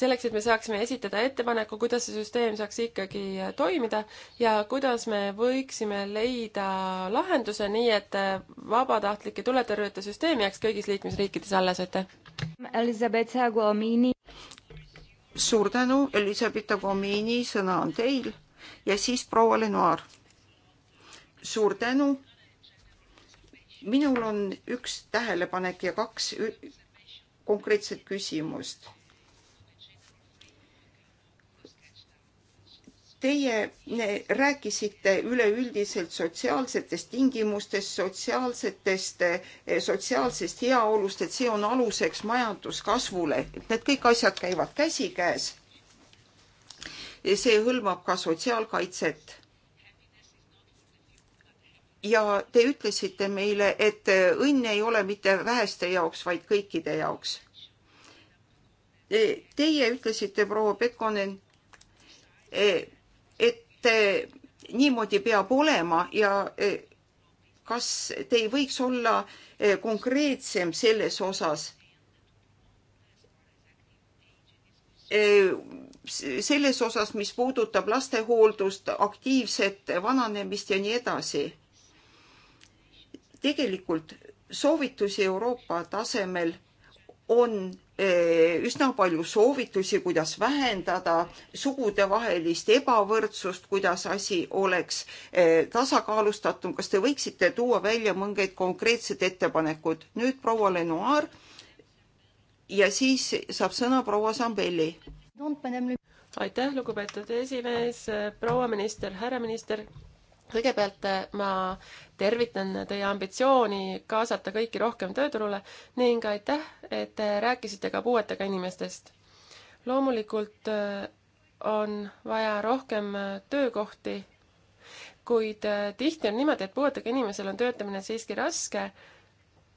selleks, et me saaksime esitada ettepaneku, kuidas see süsteem saaks ikkagi äh, toimida ja kuidas me võiksime leida lahenduse, nii et äh, vabatahtlike tuletõrjujate süsteem jääks kõigis liikmesriikides alles, aitäh! Elisabetta Gomini. suur tänu, Elisabetta Gomini, sõna on teil ja siis proua Lenoir. suur tänu. minul on üks tähelepanek ja kaks konkreetset küsimust Teie eh, rääkisite üleüldiselt sotsiaalsetest tingimustest, sotsiaalsetest, eh, sotsiaalsest heaolust, et see on aluseks majanduskasvule, et need kõik asjad käivad käsikäes. see hõlmab ka sotsiaalkaitset ja te ütlesite meile, et eh, õnn ei ole mitte väheste jaoks, vaid kõikide jaoks. Teie ütlesite, proua Pekkonen, Eh, niimoodi peab olema ja eh, kas te ei võiks olla eh, konkreetsem selles osas? selles osas, mis puudutab lastehooldust, aktiivset vananemist ja nii edasi. tegelikult soovitusi Euroopa tasemel on eh, üsna palju soovitusi, kuidas vähendada sugudevahelist ebavõrdsust, kuidas asi oleks eh, tasakaalustatum. kas te võiksite tuua välja mõningaid konkreetsed ettepanekud? nüüd proua Lenoir ja siis saab sõna proua Sambelli. aitäh, lugupeetud esimees, proua minister, härra minister kõigepealt eh, ma tervitan teie ambitsiooni kaasata kõiki rohkem tööturule ning aitäh, et te rääkisite ka puuetega inimestest. loomulikult eh, on vaja rohkem eh, töökohti, kuid tihti on niimoodi, et puuetega inimesel on töötamine siiski raske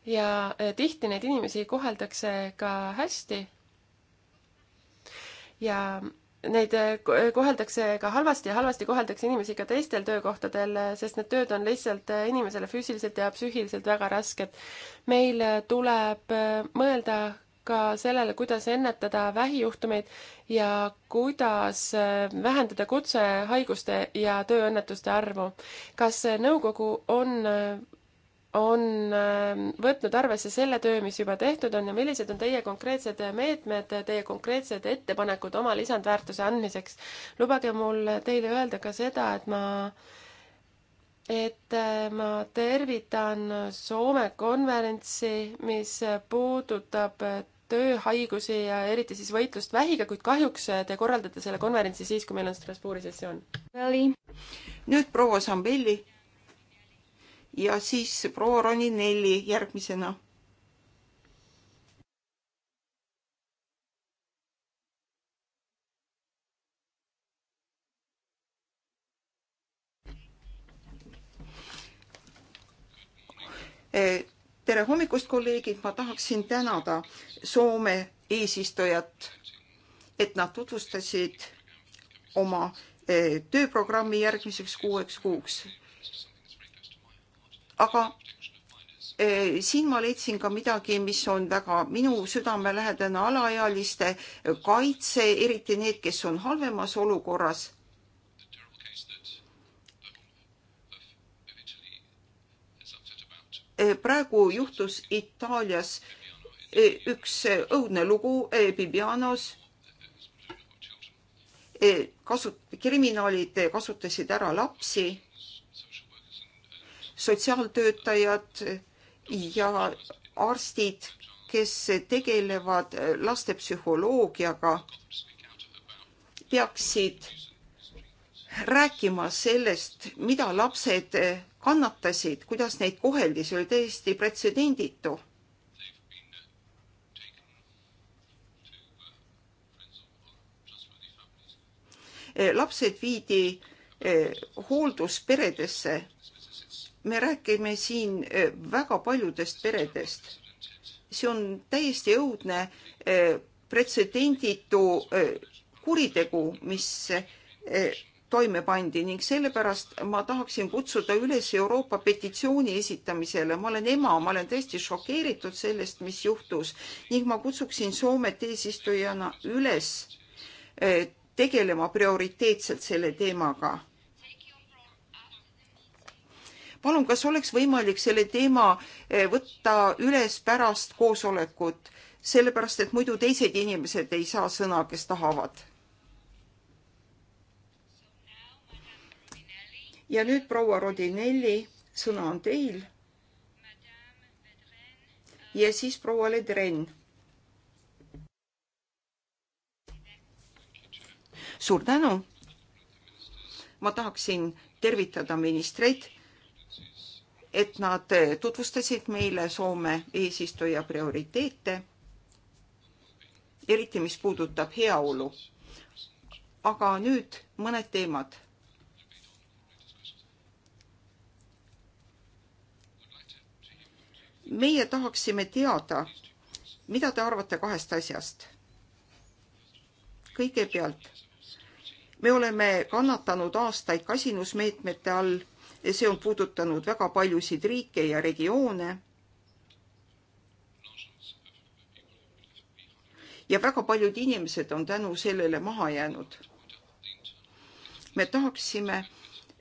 ja tihti neid inimesi koheldakse ka hästi. ja neid eh, eh, koheldakse ka halvasti ja halvasti koheldakse inimesi ka teistel töökohtadel, eh, sest need tööd on lihtsalt inimesele füüsiliselt ja psüühiliselt väga rasked. meil tuleb mõelda ka sellele, kuidas ennetada vähijuhtumeid ja kuidas vähendada kutsehaiguste ja tööõnnetuste arvu. kas nõukogu on on ähm, võtnud arvesse selle töö, mis juba tehtud on ja millised on teie konkreetsed meetmed, teie konkreetsed ettepanekud oma lisandväärtuse andmiseks. lubage mul teile öelda ka seda, et ma, et äh, ma tervitan Soome konverentsi, mis puudutab tööhaigusi ja eriti siis võitlust vähiga, kuid kahjuks te korraldate selle konverentsi siis, kui meil on Strasbourgi sessioon. nüüd proua Zambelli ja siis proua Roni Nelli järgmisena. Eh, tere hommikust, kolleegid, ma tahaksin tänada Soome eesistujat, et nad tutvustasid oma eh, tööprogrammi järgmiseks kuueks kuuks aga eh, siin ma leidsin ka midagi, mis on väga minu südamelähedane alaealiste kaitse, eriti need, kes on halvemas olukorras. Eh, praegu juhtus Itaalias eh, üks õudne lugu Bibianos. kasut-, kriminaalid kasutasid ära lapsi sotsiaaltöötajad ja arstid, kes tegelevad laste psühholoogiaga, peaksid rääkima sellest, mida lapsed kannatasid, kuidas neid koheldi, see oli täiesti pretsedenditu. lapsed viidi eh, hooldusperedesse me räägime siin eh, väga paljudest peredest. see on täiesti õudne eh, pretsedenditu eh, kuritegu, mis toime pandi ning sellepärast ma tahaksin kutsuda üles Euroopa petitsiooni esitamisele. ma olen ema, ma olen tõesti šokeeritud sellest, mis juhtus ning ma kutsuksin Soomet eesistujana üles tegelema prioriteetselt selle teemaga palun, kas oleks võimalik selle teema eh, võtta üles pärast koosolekut, sellepärast et muidu teised inimesed ei saa sõna, kes tahavad. ja nüüd proua Rodinelli, sõna on teil. ja siis proua Ledren. suur tänu. ma tahaksin tervitada ministreid et nad tutvustasid meile Soome eesistuja prioriteete, eriti mis puudutab heaolu. aga nüüd mõned teemad. meie tahaksime teada, mida te arvate kahest asjast? kõigepealt, me oleme kannatanud aastaid kasinusmeetmete all see on puudutanud väga paljusid riike ja regioone. ja väga paljud inimesed on tänu sellele maha jäänud. me tahaksime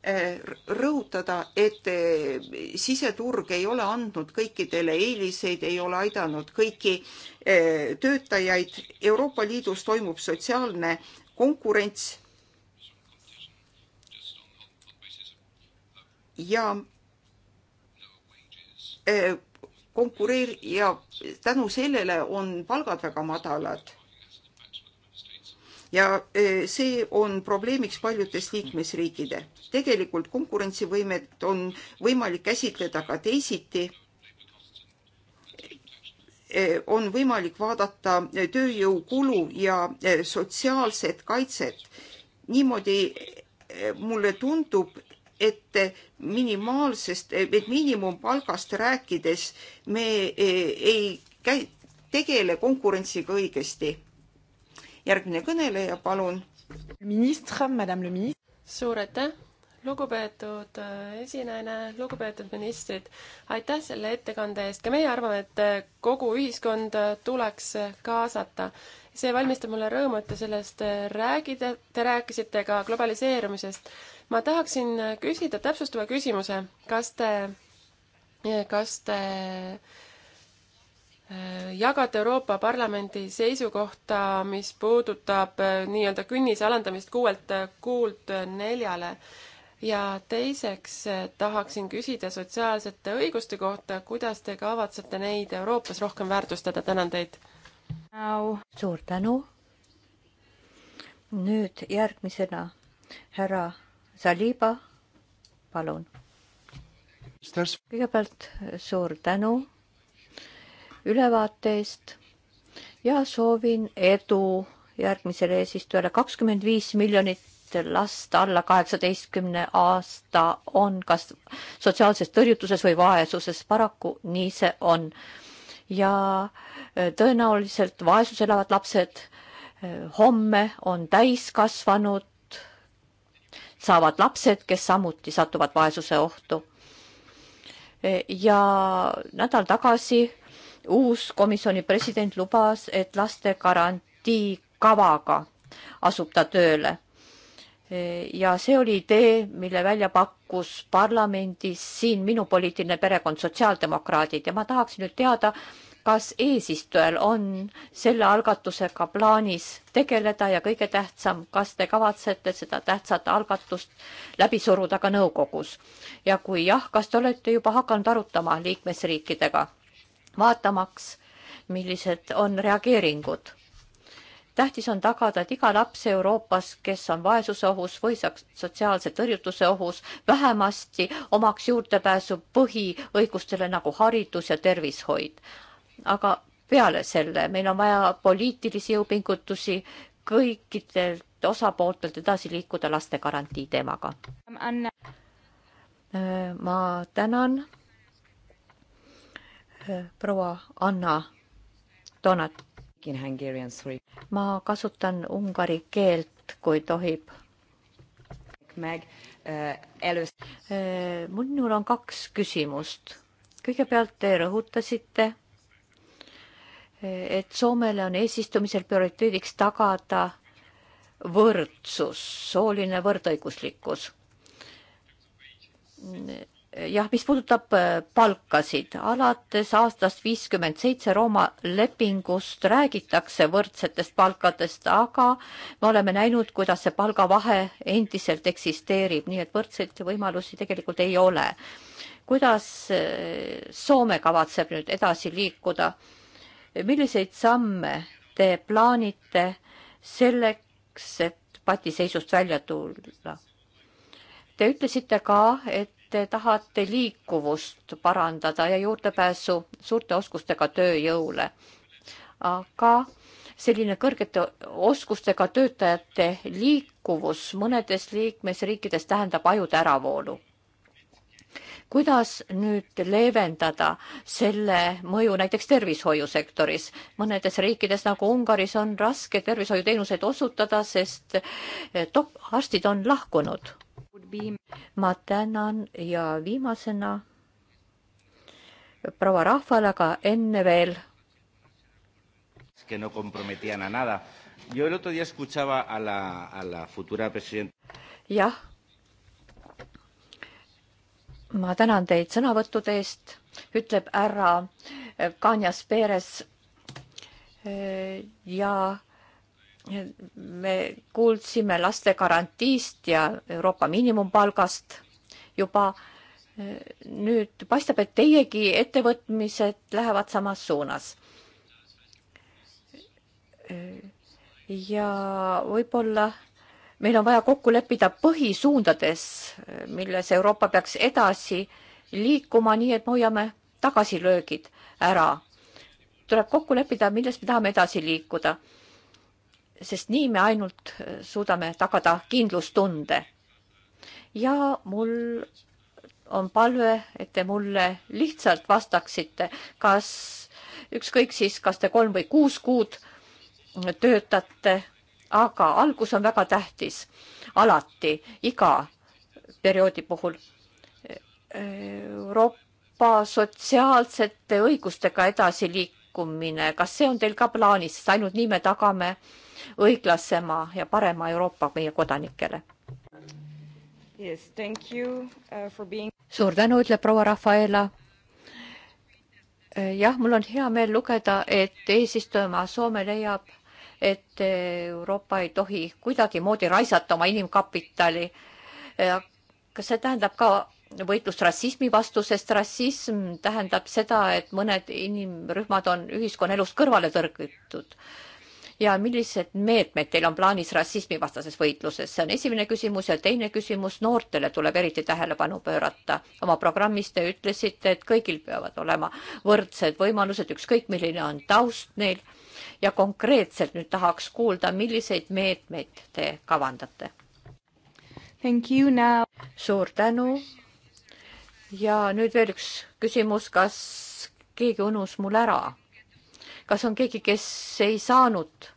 eh, rõhutada, et eh, siseturg ei ole andnud kõikidele eeliseid, ei ole aidanud kõiki eh, töötajaid. Euroopa Liidus toimub sotsiaalne konkurents ja eh, konkureer- ja tänu sellele on palgad väga madalad. ja eh, see on probleemiks paljudes liikmesriikide. tegelikult konkurentsivõimet on võimalik käsitleda ka teisiti. Eh, on võimalik vaadata tööjõukulu ja sotsiaalset kaitset. niimoodi mulle tundub, et minimaalsest, et miinimumpalgast rääkides me e, ei käi, tegele konkurentsiga õigesti. järgmine kõneleja, palun. minister, madame le ministre. suur aitäh, lugupeetud äh, esinejana, lugupeetud ministrid. aitäh selle ettekande eest, ka meie arvame, et äh, kogu ühiskond äh, tuleks kaasata see valmistab mulle rõõmu, et te sellest äh, räägite, te rääkisite ka globaliseerumisest. ma tahaksin äh, küsida täpsustava küsimuse, kas te, äh, kas te jagate Euroopa Parlamendi seisukohta, mis puudutab nii-öelda künnise alandamist kuuelt kuult neljale ja teiseks tahaksin küsida sotsiaalsete õiguste kohta, kuidas te kavatsete neid Euroopas rohkem väärtustada, tänan teid suur tänu. nüüd järgmisena härra Saliba, palun. kõigepealt suur tänu ülevaate eest ja soovin edu järgmisele eesistujale. kakskümmend viis miljonit last alla kaheksateistkümne aasta on kas sotsiaalses tõrjutuses või vaesuses. paraku nii see on ja äh, tõenäoliselt vaesus elavad lapsed äh, homme on täiskasvanud, saavad lapsed, kes samuti satuvad vaesuse ohtu. Äh, ja nädal tagasi uus komisjoni president lubas, et laste garantii kavaga asub ta tööle ja see oli idee, mille välja pakkus parlamendis siin minu poliitiline perekond, sotsiaaldemokraadid ja ma tahaksin nüüd teada, kas eesistujal on selle algatusega plaanis tegeleda ja kõige tähtsam, kas te kavatsete seda tähtsat algatust läbi suruda ka nõukogus? ja kui jah, kas te olete juba hakanud arutama liikmesriikidega, vaatamaks, millised on reageeringud? tähtis on tagada, et iga laps Euroopas, kes on vaesuse ohus või sotsiaalse tõrjutuse ohus, vähemasti omaks juurdepääsu põhiõigustele nagu haridus ja tervishoid. aga peale selle meil on vaja poliitilisi jõupingutusi kõikidelt osapooltelt edasi liikuda laste garantii teemaga. ma tänan proua Anna Donat ma kasutan ungari keelt, kui tohib. minul eh, eh, on kaks küsimust. kõigepealt te rõhutasite, eh, et Soomele on eesistumisel prioriteediks tagada võrdsus, sooline võrdõiguslikkus jah, mis puudutab äh, palkasid, alates aastast viiskümmend seitse Rooma lepingust räägitakse võrdsetest palkadest, aga me oleme näinud, kuidas see palgavahe endiselt eksisteerib, nii et võrdseid võimalusi tegelikult ei ole. kuidas äh, Soome kavatseb nüüd edasi liikuda? milliseid samme te plaanite selleks, et patiseisust välja tulla? Te ütlesite ka, et te tahate liikuvust parandada ja juurdepääsu suurte oskustega tööjõule. aga selline kõrgete oskustega töötajate liikuvus mõnedes liikmesriikides tähendab ajude äravoolu. kuidas nüüd leevendada selle mõju näiteks tervishoiusektoris? mõnedes riikides nagu Ungaris on raske tervishoiuteenuseid osutada, sest arstid on lahkunud viim-. ma tänan ja viimasena proua rahvale, aga enne veel. No jah, ma tänan teid sõnavõttude eest, ütleb härra Kanjas Peeres ja me kuulsime laste garantiist ja Euroopa miinimumpalgast juba. nüüd paistab, et teiegi ettevõtmised lähevad samas suunas. ja võib-olla meil on vaja kokku leppida põhisuundades, milles Euroopa peaks edasi liikuma, nii et me hoiame tagasilöögid ära. tuleb kokku leppida, milles me tahame edasi liikuda sest nii me ainult äh, suudame tagada kindlustunde. ja mul on palve, et te mulle lihtsalt vastaksite, kas ükskõik siis, kas te kolm või kuus kuud töötate, aga algus on väga tähtis alati iga perioodi puhul. Äh, Euroopa sotsiaalsete õigustega edasiliik-, sekkumine, kas see on teil ka plaanis, sest ainult nii me tagame õiglasema ja parema Euroopa meie kodanikele? Yes, thank you uh, for being. suur tänu, ütleb proua Rafaela. Eh, jah, mul on hea meel lugeda, et eesistujamaa Soome leiab, et Euroopa ei tohi kuidagimoodi raisata oma inimkapitali. Eh, kas see tähendab ka võitlust rassismi vastu, sest rassism tähendab seda, et mõned inimrühmad on ühiskonnaelust kõrvale tõrgitud. ja millised meetmed teil on plaanis rassismivastases võitluses, see on esimene küsimus ja teine küsimus, noortele tuleb eriti tähelepanu pöörata. oma programmis te ütlesite, et kõigil peavad olema võrdsed võimalused, ükskõik milline on taust neil ja konkreetselt nüüd tahaks kuulda, milliseid meetmeid te kavandate? suur tänu ja nüüd veel üks küsimus, kas keegi unus mul ära? kas on keegi, kes ei saanud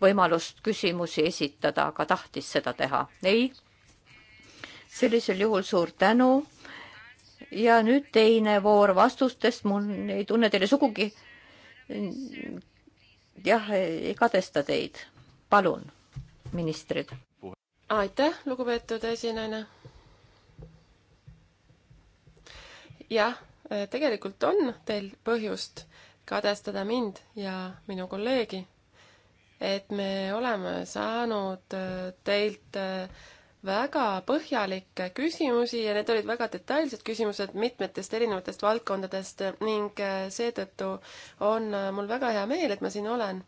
võimalust küsimusi esitada, aga tahtis seda teha? ei? sellisel juhul suur tänu. ja nüüd teine voor vastustest, mul ei tunne teile sugugi. jah, ei kadesta teid. palun, ministrid. aitäh, lugupeetud esinaine jah, tegelikult on teil põhjust kadestada mind ja minu kolleegi, et me oleme saanud äh, teilt äh, väga põhjalikke küsimusi ja need olid väga detailsed küsimused mitmetest erinevatest valdkondadest ning äh, seetõttu on mul väga hea meel, et ma siin olen.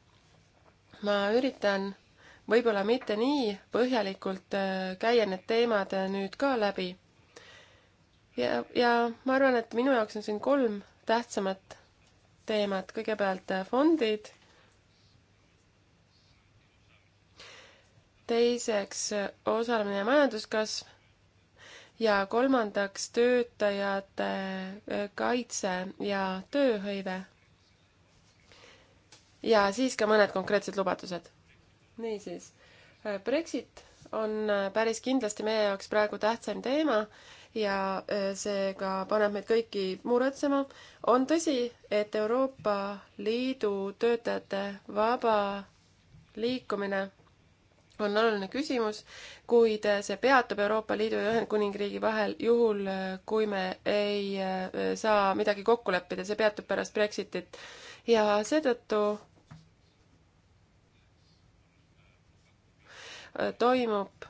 ma üritan võib-olla mitte nii põhjalikult käia need teemad nüüd ka läbi ja, ja ma arvan, et minu jaoks on siin kolm tähtsamat teemat, kõigepealt äh, fondid, teiseks äh, osalemine ja majanduskasv ja kolmandaks töötajate äh, kaitse ja tööhõive. ja siis ka mõned konkreetsed lubadused. niisiis, Brexit on päris kindlasti meie jaoks praegu tähtsaim teema ja äh, seega paneb meid kõiki muretsema. on tõsi, et Euroopa Liidu töötajate vaba liikumine on oluline küsimus, kuid äh, see peatub Euroopa Liidu ja Ühendkuningriigi vahel juhul, äh, kui me ei saa midagi kokku leppida, see peatub pärast Brexitit. ja seetõttu toimub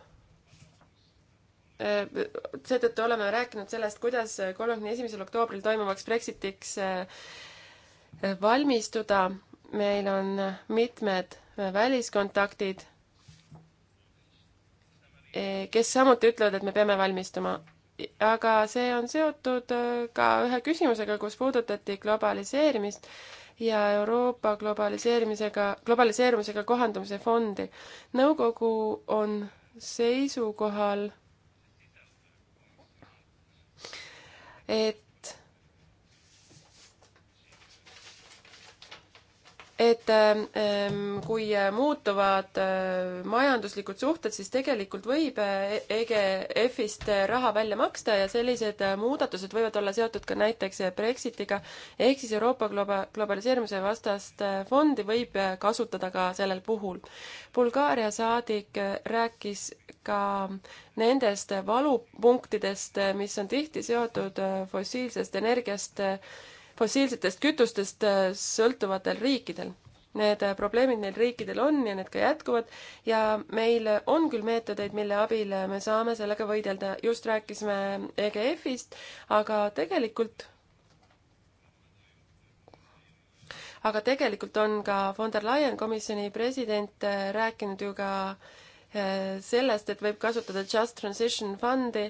Äh, seetõttu oleme rääkinud sellest, kuidas kolmekümne esimesel oktoobril toimuvaks Brexitiks äh, valmistuda. meil on mitmed äh, väliskontaktid, kes samuti ütlevad, et me peame valmistuma. aga see on seotud ka ühe küsimusega, kus puudutati globaliseerimist ja Euroopa globaliseerimisega, globaliseerumisega kohandumise fondi. nõukogu on seisukohal et et ähm, ähm, kui äh, muutuvad äh, majanduslikud suhted, siis tegelikult võib äh, EGF-ist e raha välja maksta ja sellised muudatused võivad olla seotud ka näiteks Brexitiga, ehk siis Euroopa globa-, globaliseerimise vastast fondi võib kasutada ka sellel puhul. Bulgaaria saadik rääkis ka nendest valupunktidest, mis on tihti seotud fossiilsest energiast fossiilsetest kütustest äh, sõltuvatel riikidel. Need äh, probleemid neil riikidel on ja need ka jätkuvad ja meil on küll meetodeid, mille abil me saame sellega võidelda, just rääkisime EGF-ist, aga tegelikult aga tegelikult on ka von der Leyen komisjoni president äh, rääkinud ju ka äh, Äh, sellest, et võib kasutada Just Transition Fundi,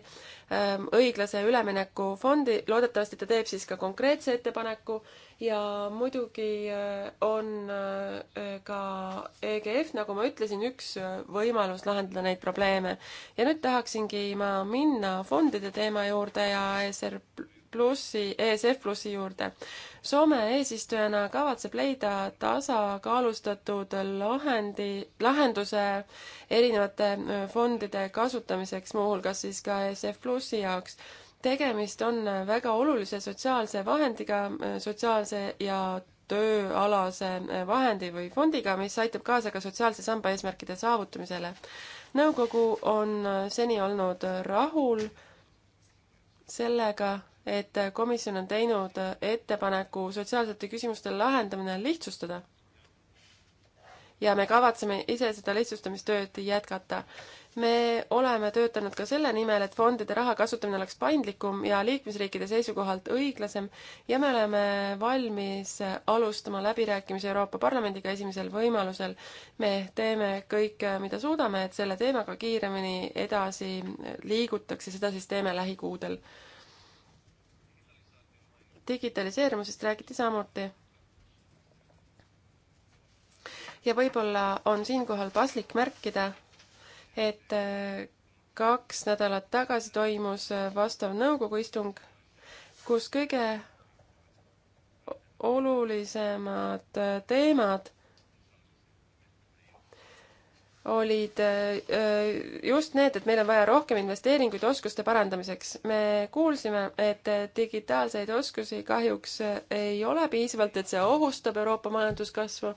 ähm, õiglase ülemineku fondi, loodetavasti ta teeb siis ka konkreetse ettepaneku ja muidugi äh, on äh, ka EGF, nagu ma ütlesin, üks võimalus lahendada neid probleeme. ja nüüd tahaksingi ma minna fondide teema juurde ja ESR plussi, ESF plussi juurde. Soome eesistujana kavatseb leida tasakaalustatud lahendi, lahenduse erinevate fondide kasutamiseks, muuhulgas siis ka ESF plussi jaoks. tegemist on väga olulise sotsiaalse vahendiga, sotsiaalse ja tööalase vahendi või fondiga, mis aitab kaasa ka sotsiaalse samba eesmärkide saavutamisele. nõukogu on seni olnud rahul sellega, et komisjon on teinud ettepaneku sotsiaalsete küsimuste lahendamine lihtsustada. ja me kavatseme ise seda lihtsustamistööd jätkata. me oleme töötanud ka selle nimel, et fondide raha kasutamine oleks paindlikum ja liikmesriikide seisukohalt õiglasem ja me oleme valmis alustama läbirääkimisi Euroopa Parlamendiga esimesel võimalusel. me teeme kõik, mida suudame, et selle teemaga kiiremini edasi liigutaks ja seda siis teeme lähikuudel digitaliseerumisest räägiti samuti. ja võib-olla on siinkohal paslik märkida, et äh, kaks nädalat tagasi toimus äh, vastav nõukogu istung, kus kõige olulisemad äh, teemad olid äh, just need, et meil on vaja rohkem investeeringuid oskuste parandamiseks. me kuulsime, et digitaalseid oskusi kahjuks ei ole piisavalt, et see ohustab Euroopa majanduskasvu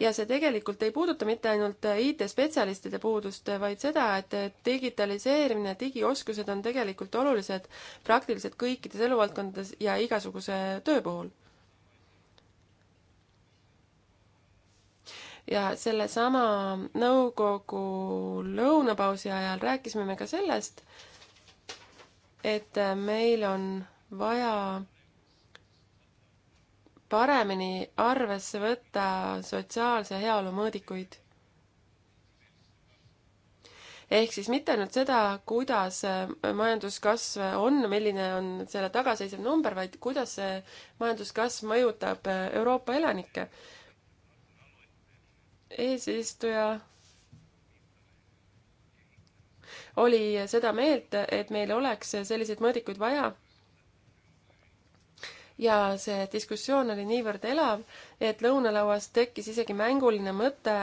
ja see tegelikult ei puuduta mitte ainult IT-spetsialistide puudust, vaid seda, et digitaliseerimine, digioskused on tegelikult olulised praktiliselt kõikides eluvaldkondades ja igasuguse töö puhul ja sellesama nõukogu lõunapausi ajal rääkisime me ka sellest, et meil on vaja paremini arvesse võtta sotsiaalse heaolu mõõdikuid. ehk siis mitte ainult seda, kuidas majanduskasv on, milline on selle tagaseisev number, vaid kuidas see majanduskasv mõjutab Euroopa elanikke eesistuja oli seda meelt, et meil oleks selliseid mõõdikuid vaja. ja see diskussioon oli niivõrd elav, et lõunalauas tekkis isegi mänguline mõte,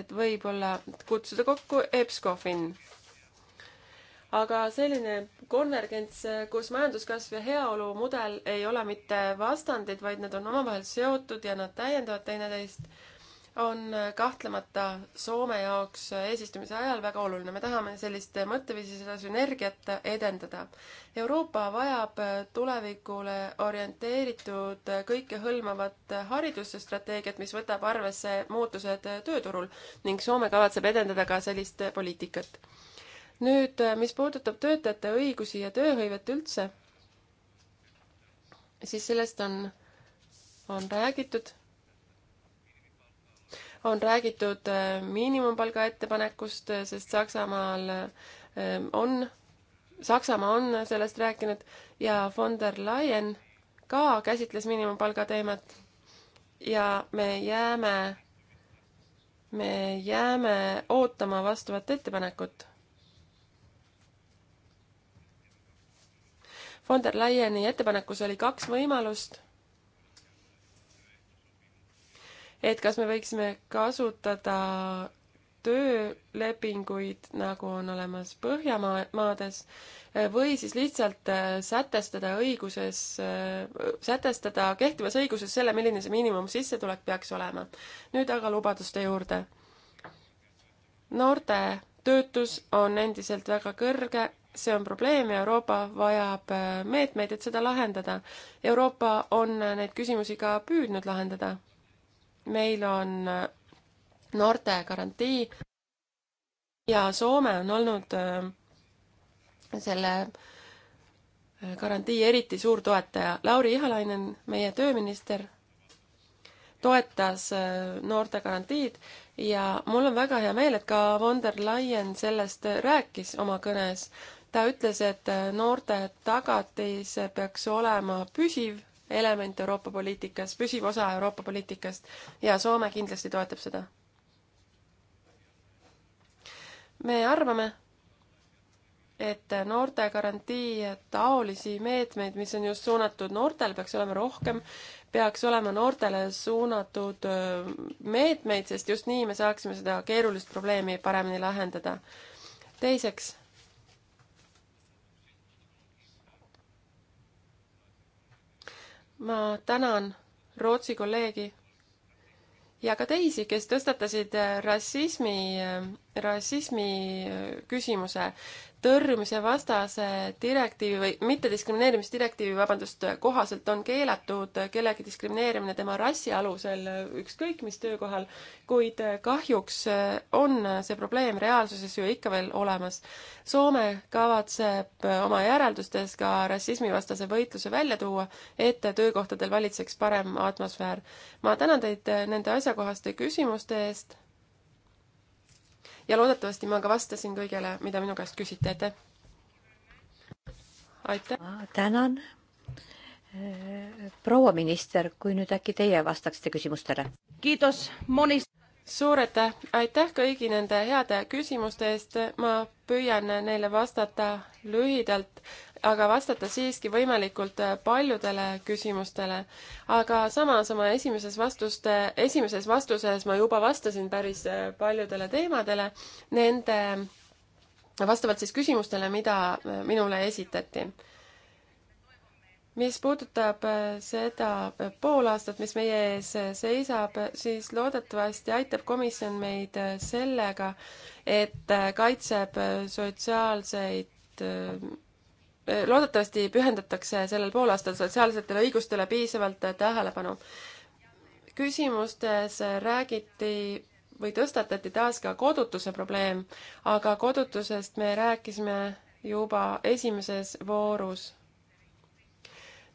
et võib-olla kutsuda kokku EBSCO-fin aga selline konvergents, kus majanduskasv ja heaolu mudel ei ole mitte vastandid, vaid nad on omavahel seotud ja nad täiendavad teineteist, on kahtlemata Soome jaoks eesistumise ajal väga oluline. me tahame sellist mõtteviisi, seda sünergiat edendada. Euroopa vajab tulevikule orienteeritud kõikehõlmavat haridusstrateegiat, mis võtab arvesse muutused tööturul ning Soome kavatseb edendada ka sellist poliitikat nüüd, äh, mis puudutab töötajate õigusi ja tööhõivet üldse, siis sellest on, on räägitud. on räägitud äh, miinimumpalga ettepanekust, äh, sest Saksamaal on, Saksamaa on sellest rääkinud ja von der Leyen ka käsitles miinimumpalga teemat. ja me jääme, me jääme ootama vastavat ettepanekut von der Leyeni ettepanekus oli kaks võimalust. et kas me võiksime kasutada töölepinguid, nagu on olemas Põhjamaades, või siis lihtsalt äh, sätestada õiguses, äh, sätestada kehtivas õiguses selle, milline see miinimumsissetulek peaks olema. nüüd aga lubaduste juurde. noorte töötus on endiselt väga kõrge see on probleem ja Euroopa vajab äh, meetmeid, et seda lahendada. Euroopa on äh, neid küsimusi ka püüdnud lahendada. meil on äh, noorte garantii ja Soome on olnud selle garantii eriti suur toetaja. Lauri Ihalainen, meie tööminister, toetas noorte garantiid ja mul on väga hea meel, et ka von der Leyen sellest rääkis oma kõnes ta ütles, et äh, noorte tagatis peaks olema püsiv element Euroopa poliitikas, püsiv osa Euroopa poliitikast ja Soome kindlasti toetab seda. me arvame, et noorte garantii taolisi meetmeid, mis on just suunatud noortele, peaks olema rohkem, peaks olema noortele suunatud äh, meetmeid, sest just nii me saaksime seda keerulist probleemi paremini lahendada. teiseks ma tänan Rootsi kolleegi ja ka teisi, kes tõstatasid äh, rassismi äh, rassismi äh, küsimuse tõrjumise vastase direktiivi või mittediskrimineerimisdirektiivi, vabandust, kohaselt on keelatud kellegi diskrimineerimine tema rassi alusel äh, ükskõik mis töökohal, kuid äh, kahjuks on see probleem reaalsuses ju ikka veel olemas. Soome kavatseb oma järeldustes ka rassismivastase võitluse välja tuua, et töökohtadel valitseks parem atmosfäär. ma tänan teid nende asjakohaste küsimuste eest ja loodetavasti ma ka vastasin kõigele, mida minu käest küsiti, aitäh! aitäh! tänan! proua minister, kui nüüd äkki teie vastaksite küsimustele? kiitos, Monis! suur aitäh, aitäh kõigi nende heade küsimuste eest, ma püüan neile vastata lühidalt aga vastata siiski võimalikult äh, paljudele küsimustele. aga samas oma esimeses vastuste, esimeses vastuses ma juba vastasin päris äh, paljudele teemadele, nende, vastavalt siis küsimustele, mida äh, minule esitati. mis puudutab seda pool aastat, mis meie ees seisab, siis loodetavasti aitab komisjon meid sellega, et kaitseb sotsiaalseid loodetavasti pühendatakse sellel poolaastal sotsiaalsetele õigustele piisavalt tähelepanu. küsimustes räägiti või tõstatati taas ka kodutuse probleem, aga kodutusest me rääkisime juba esimeses voorus.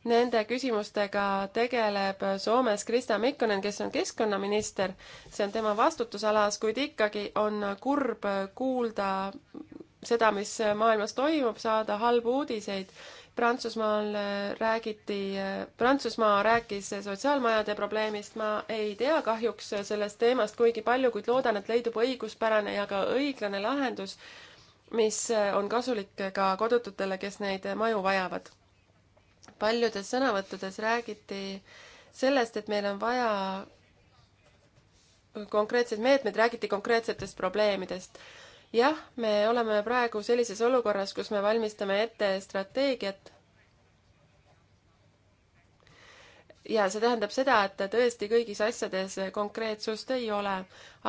Nende küsimustega tegeleb Soomes Krista Mikkonen, kes on keskkonnaminister, see on tema vastutusalas, kuid ikkagi on kurb kuulda seda, mis maailmas toimub, saada halbu uudiseid. Prantsusmaal äh, räägiti, äh, Prantsusmaa rääkis sotsiaalmajade probleemist, ma ei tea kahjuks sellest teemast kuigi palju, kuid loodan, et leidub õiguspärane ja ka õiglane lahendus, mis äh, on kasulik ka kodututele, kes neid maju vajavad. paljudes sõnavõttudes räägiti sellest, et meil on vaja konkreetseid meetmeid, räägiti konkreetsetest probleemidest jah, me oleme praegu sellises olukorras, kus me valmistame ette strateegiat. ja see tähendab seda, et tõesti kõigis asjades konkreetsust ei ole,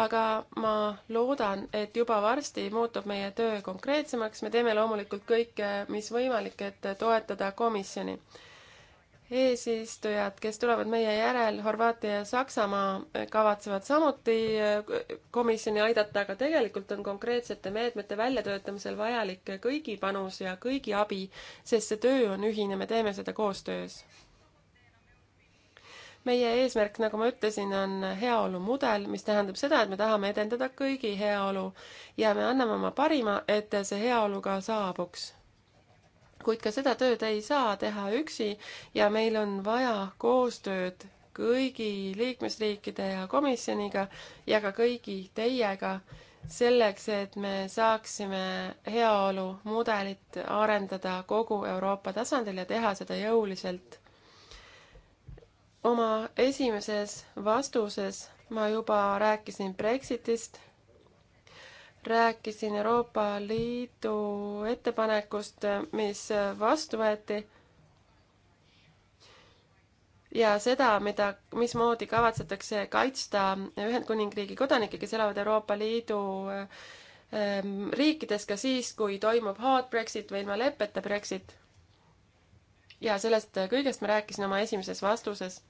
aga ma loodan, et juba varsti muutub meie töö konkreetsemaks, me teeme loomulikult kõike, mis võimalik, et toetada komisjoni eesistujad, kes tulevad meie järel, Horvaatia ja Saksamaa, eh, kavatsevad samuti eh, komisjoni aidata, aga tegelikult on konkreetsete meetmete väljatöötamisel vajalik kõigi panus ja kõigi abi, sest see töö on ühine, me teeme seda koostöös. meie eesmärk, nagu ma ütlesin, on heaolumudel, mis tähendab seda, et me tahame edendada kõigi heaolu ja me anname oma parima, et see heaolu ka saabuks kuid ka seda tööd ei saa teha üksi ja meil on vaja koostööd kõigi liikmesriikide ja komisjoniga ja ka kõigi teiega selleks, et me saaksime heaolumudelit arendada kogu Euroopa tasandil ja teha seda jõuliselt. oma esimeses vastuses ma juba rääkisin Brexitist rääkisin Euroopa Liidu ettepanekust, mis vastu võeti ja seda, mida, mismoodi kavatsetakse kaitsta Ühendkuningriigi kodanikke, kes elavad Euroopa Liidu ähm, riikides ka siis, kui toimub hard Brexit või ilma leppeta Brexit. ja sellest kõigest ma rääkisin oma esimeses vastuses.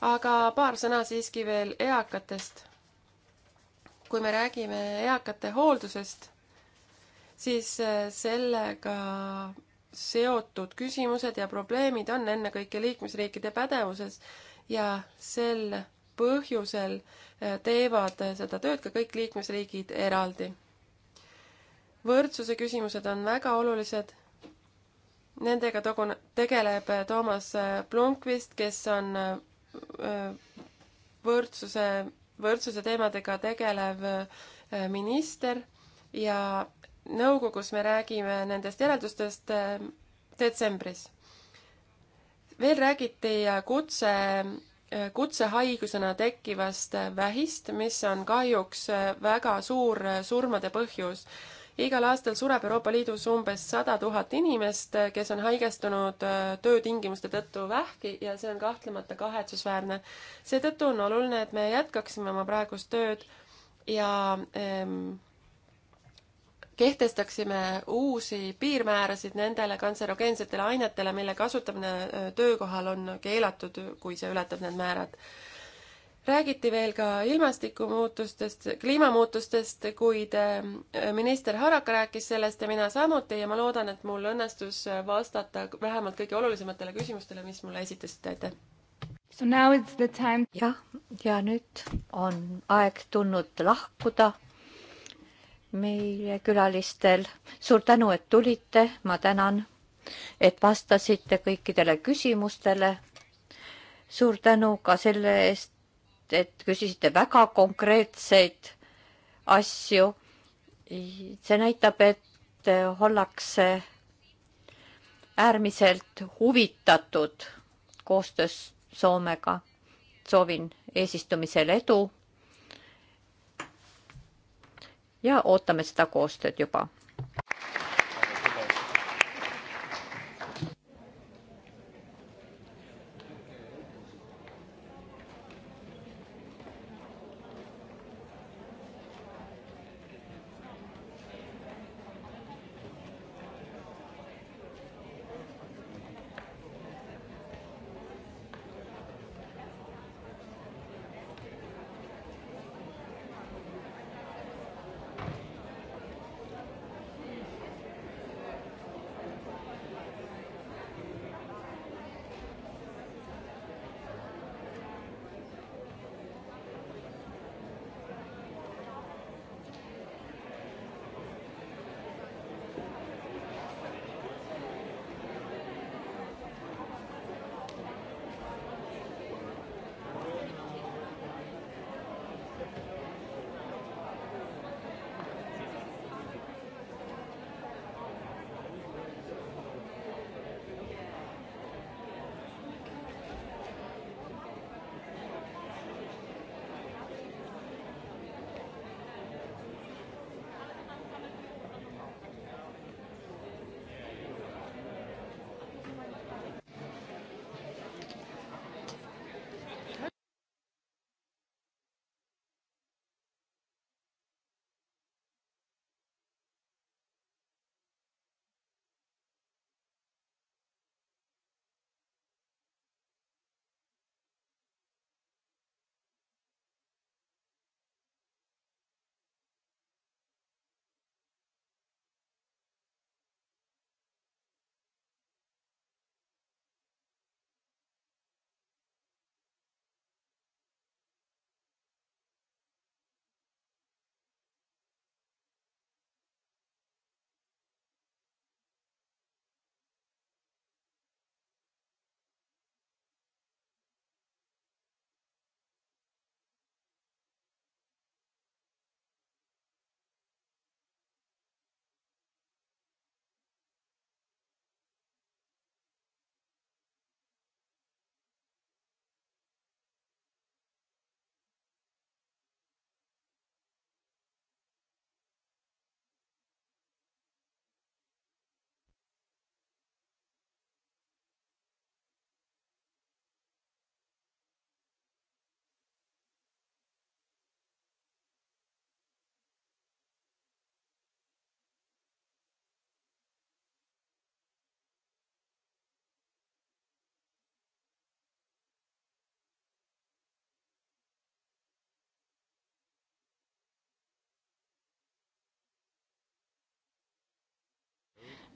aga paar sõna siiski veel eakatest kui me räägime eakate hooldusest, siis äh, sellega seotud küsimused ja probleemid on ennekõike liikmesriikide pädevuses ja sel põhjusel äh, teevad äh, seda tööd ka kõik liikmesriigid eraldi. võrdsuse küsimused on väga olulised. Nendega togun-, tegeleb Toomas Plunkvist, kes on võrdsuse võrdsuse teemadega tegelev äh, minister ja nõukogus me räägime nendest järeldustest äh, detsembris. veel räägiti äh, kutse, kutsehaigusena tekkivast vähist, mis on kahjuks väga suur surmade põhjus igal aastal sureb Euroopa Liidus umbes sada tuhat inimest, kes on haigestunud äh, töötingimuste tõttu vähki ja see on kahtlemata kahetsusväärne. seetõttu on oluline, et me jätkaksime oma praegust tööd ja ähm, kehtestaksime uusi piirmäärasid nendele kantserogeensetele ainetele, mille kasutamine äh, töökohal on keelatud, kui see ületab need määrad räägiti veel ka ilmastikumuutustest, kliimamuutustest, kuid äh, minister Haraka rääkis sellest ja mina samuti ja ma loodan, et mul õnnestus vastata vähemalt kõige olulisematele küsimustele, mis mulle esitasite, aitäh! jah, ja nüüd on aeg tulnud lahkuda meie külalistel. suur tänu, et tulite, ma tänan, et vastasite kõikidele küsimustele. suur tänu ka selle eest, et küsisite väga konkreetseid asju. see näitab, et ollakse äärmiselt huvitatud koostöös Soomega. soovin eesistumisel edu. ja ootame seda koostööd juba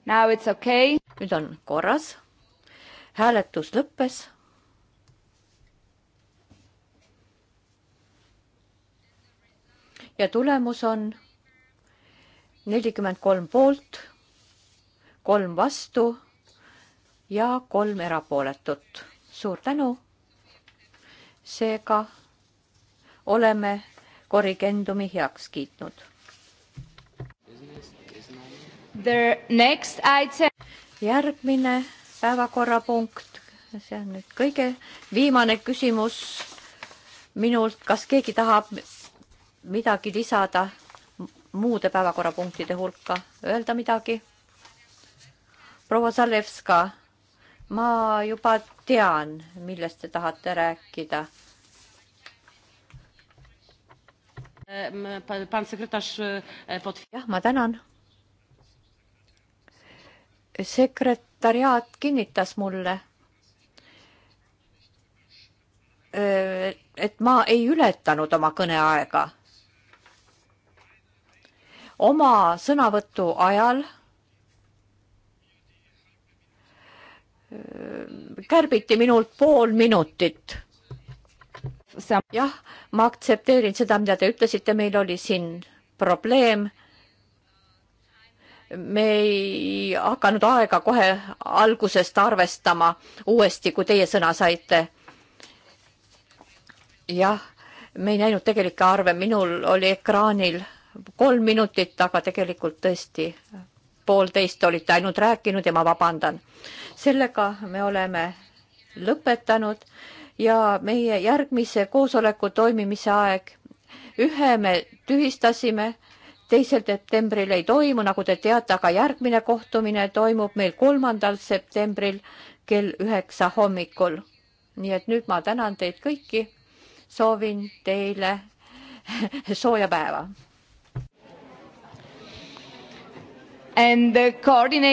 Now it's okay. nüüd on korras. hääletus lõppes. ja tulemus on nelikümmend kolm poolt, kolm vastu ja kolm erapooletut. suur tänu. seega oleme korrigendumi heaks kiitnud järgmine päevakorrapunkt, see on nüüd kõige viimane küsimus minult, kas keegi tahab midagi lisada muude päevakorrapunktide hulka, öelda midagi? proua Zalewska, ma juba tean, millest te tahate rääkida ehm, e, jah, ma tänan sekretariaat kinnitas mulle, et ma ei ületanud oma kõneaega. oma sõnavõtu ajal kärbiti minult pool minutit. jah, ma aktsepteerin seda, mida te ütlesite, meil oli siin probleem me ei hakanud aega kohe algusest arvestama uuesti, kui teie sõna saite. jah, me ei näinud tegelikke arve, minul oli ekraanil kolm minutit, aga tegelikult tõesti poolteist olite ainult rääkinud ja ma vabandan. sellega me oleme lõpetanud ja meie järgmise koosoleku toimimise aeg, ühe me tühistasime teisel septembril ei toimu, nagu te teate, aga järgmine kohtumine toimub meil kolmandal septembril kell üheksa hommikul. nii et nüüd ma tänan teid kõiki, soovin teile <laughs> sooja päeva. And the coordinate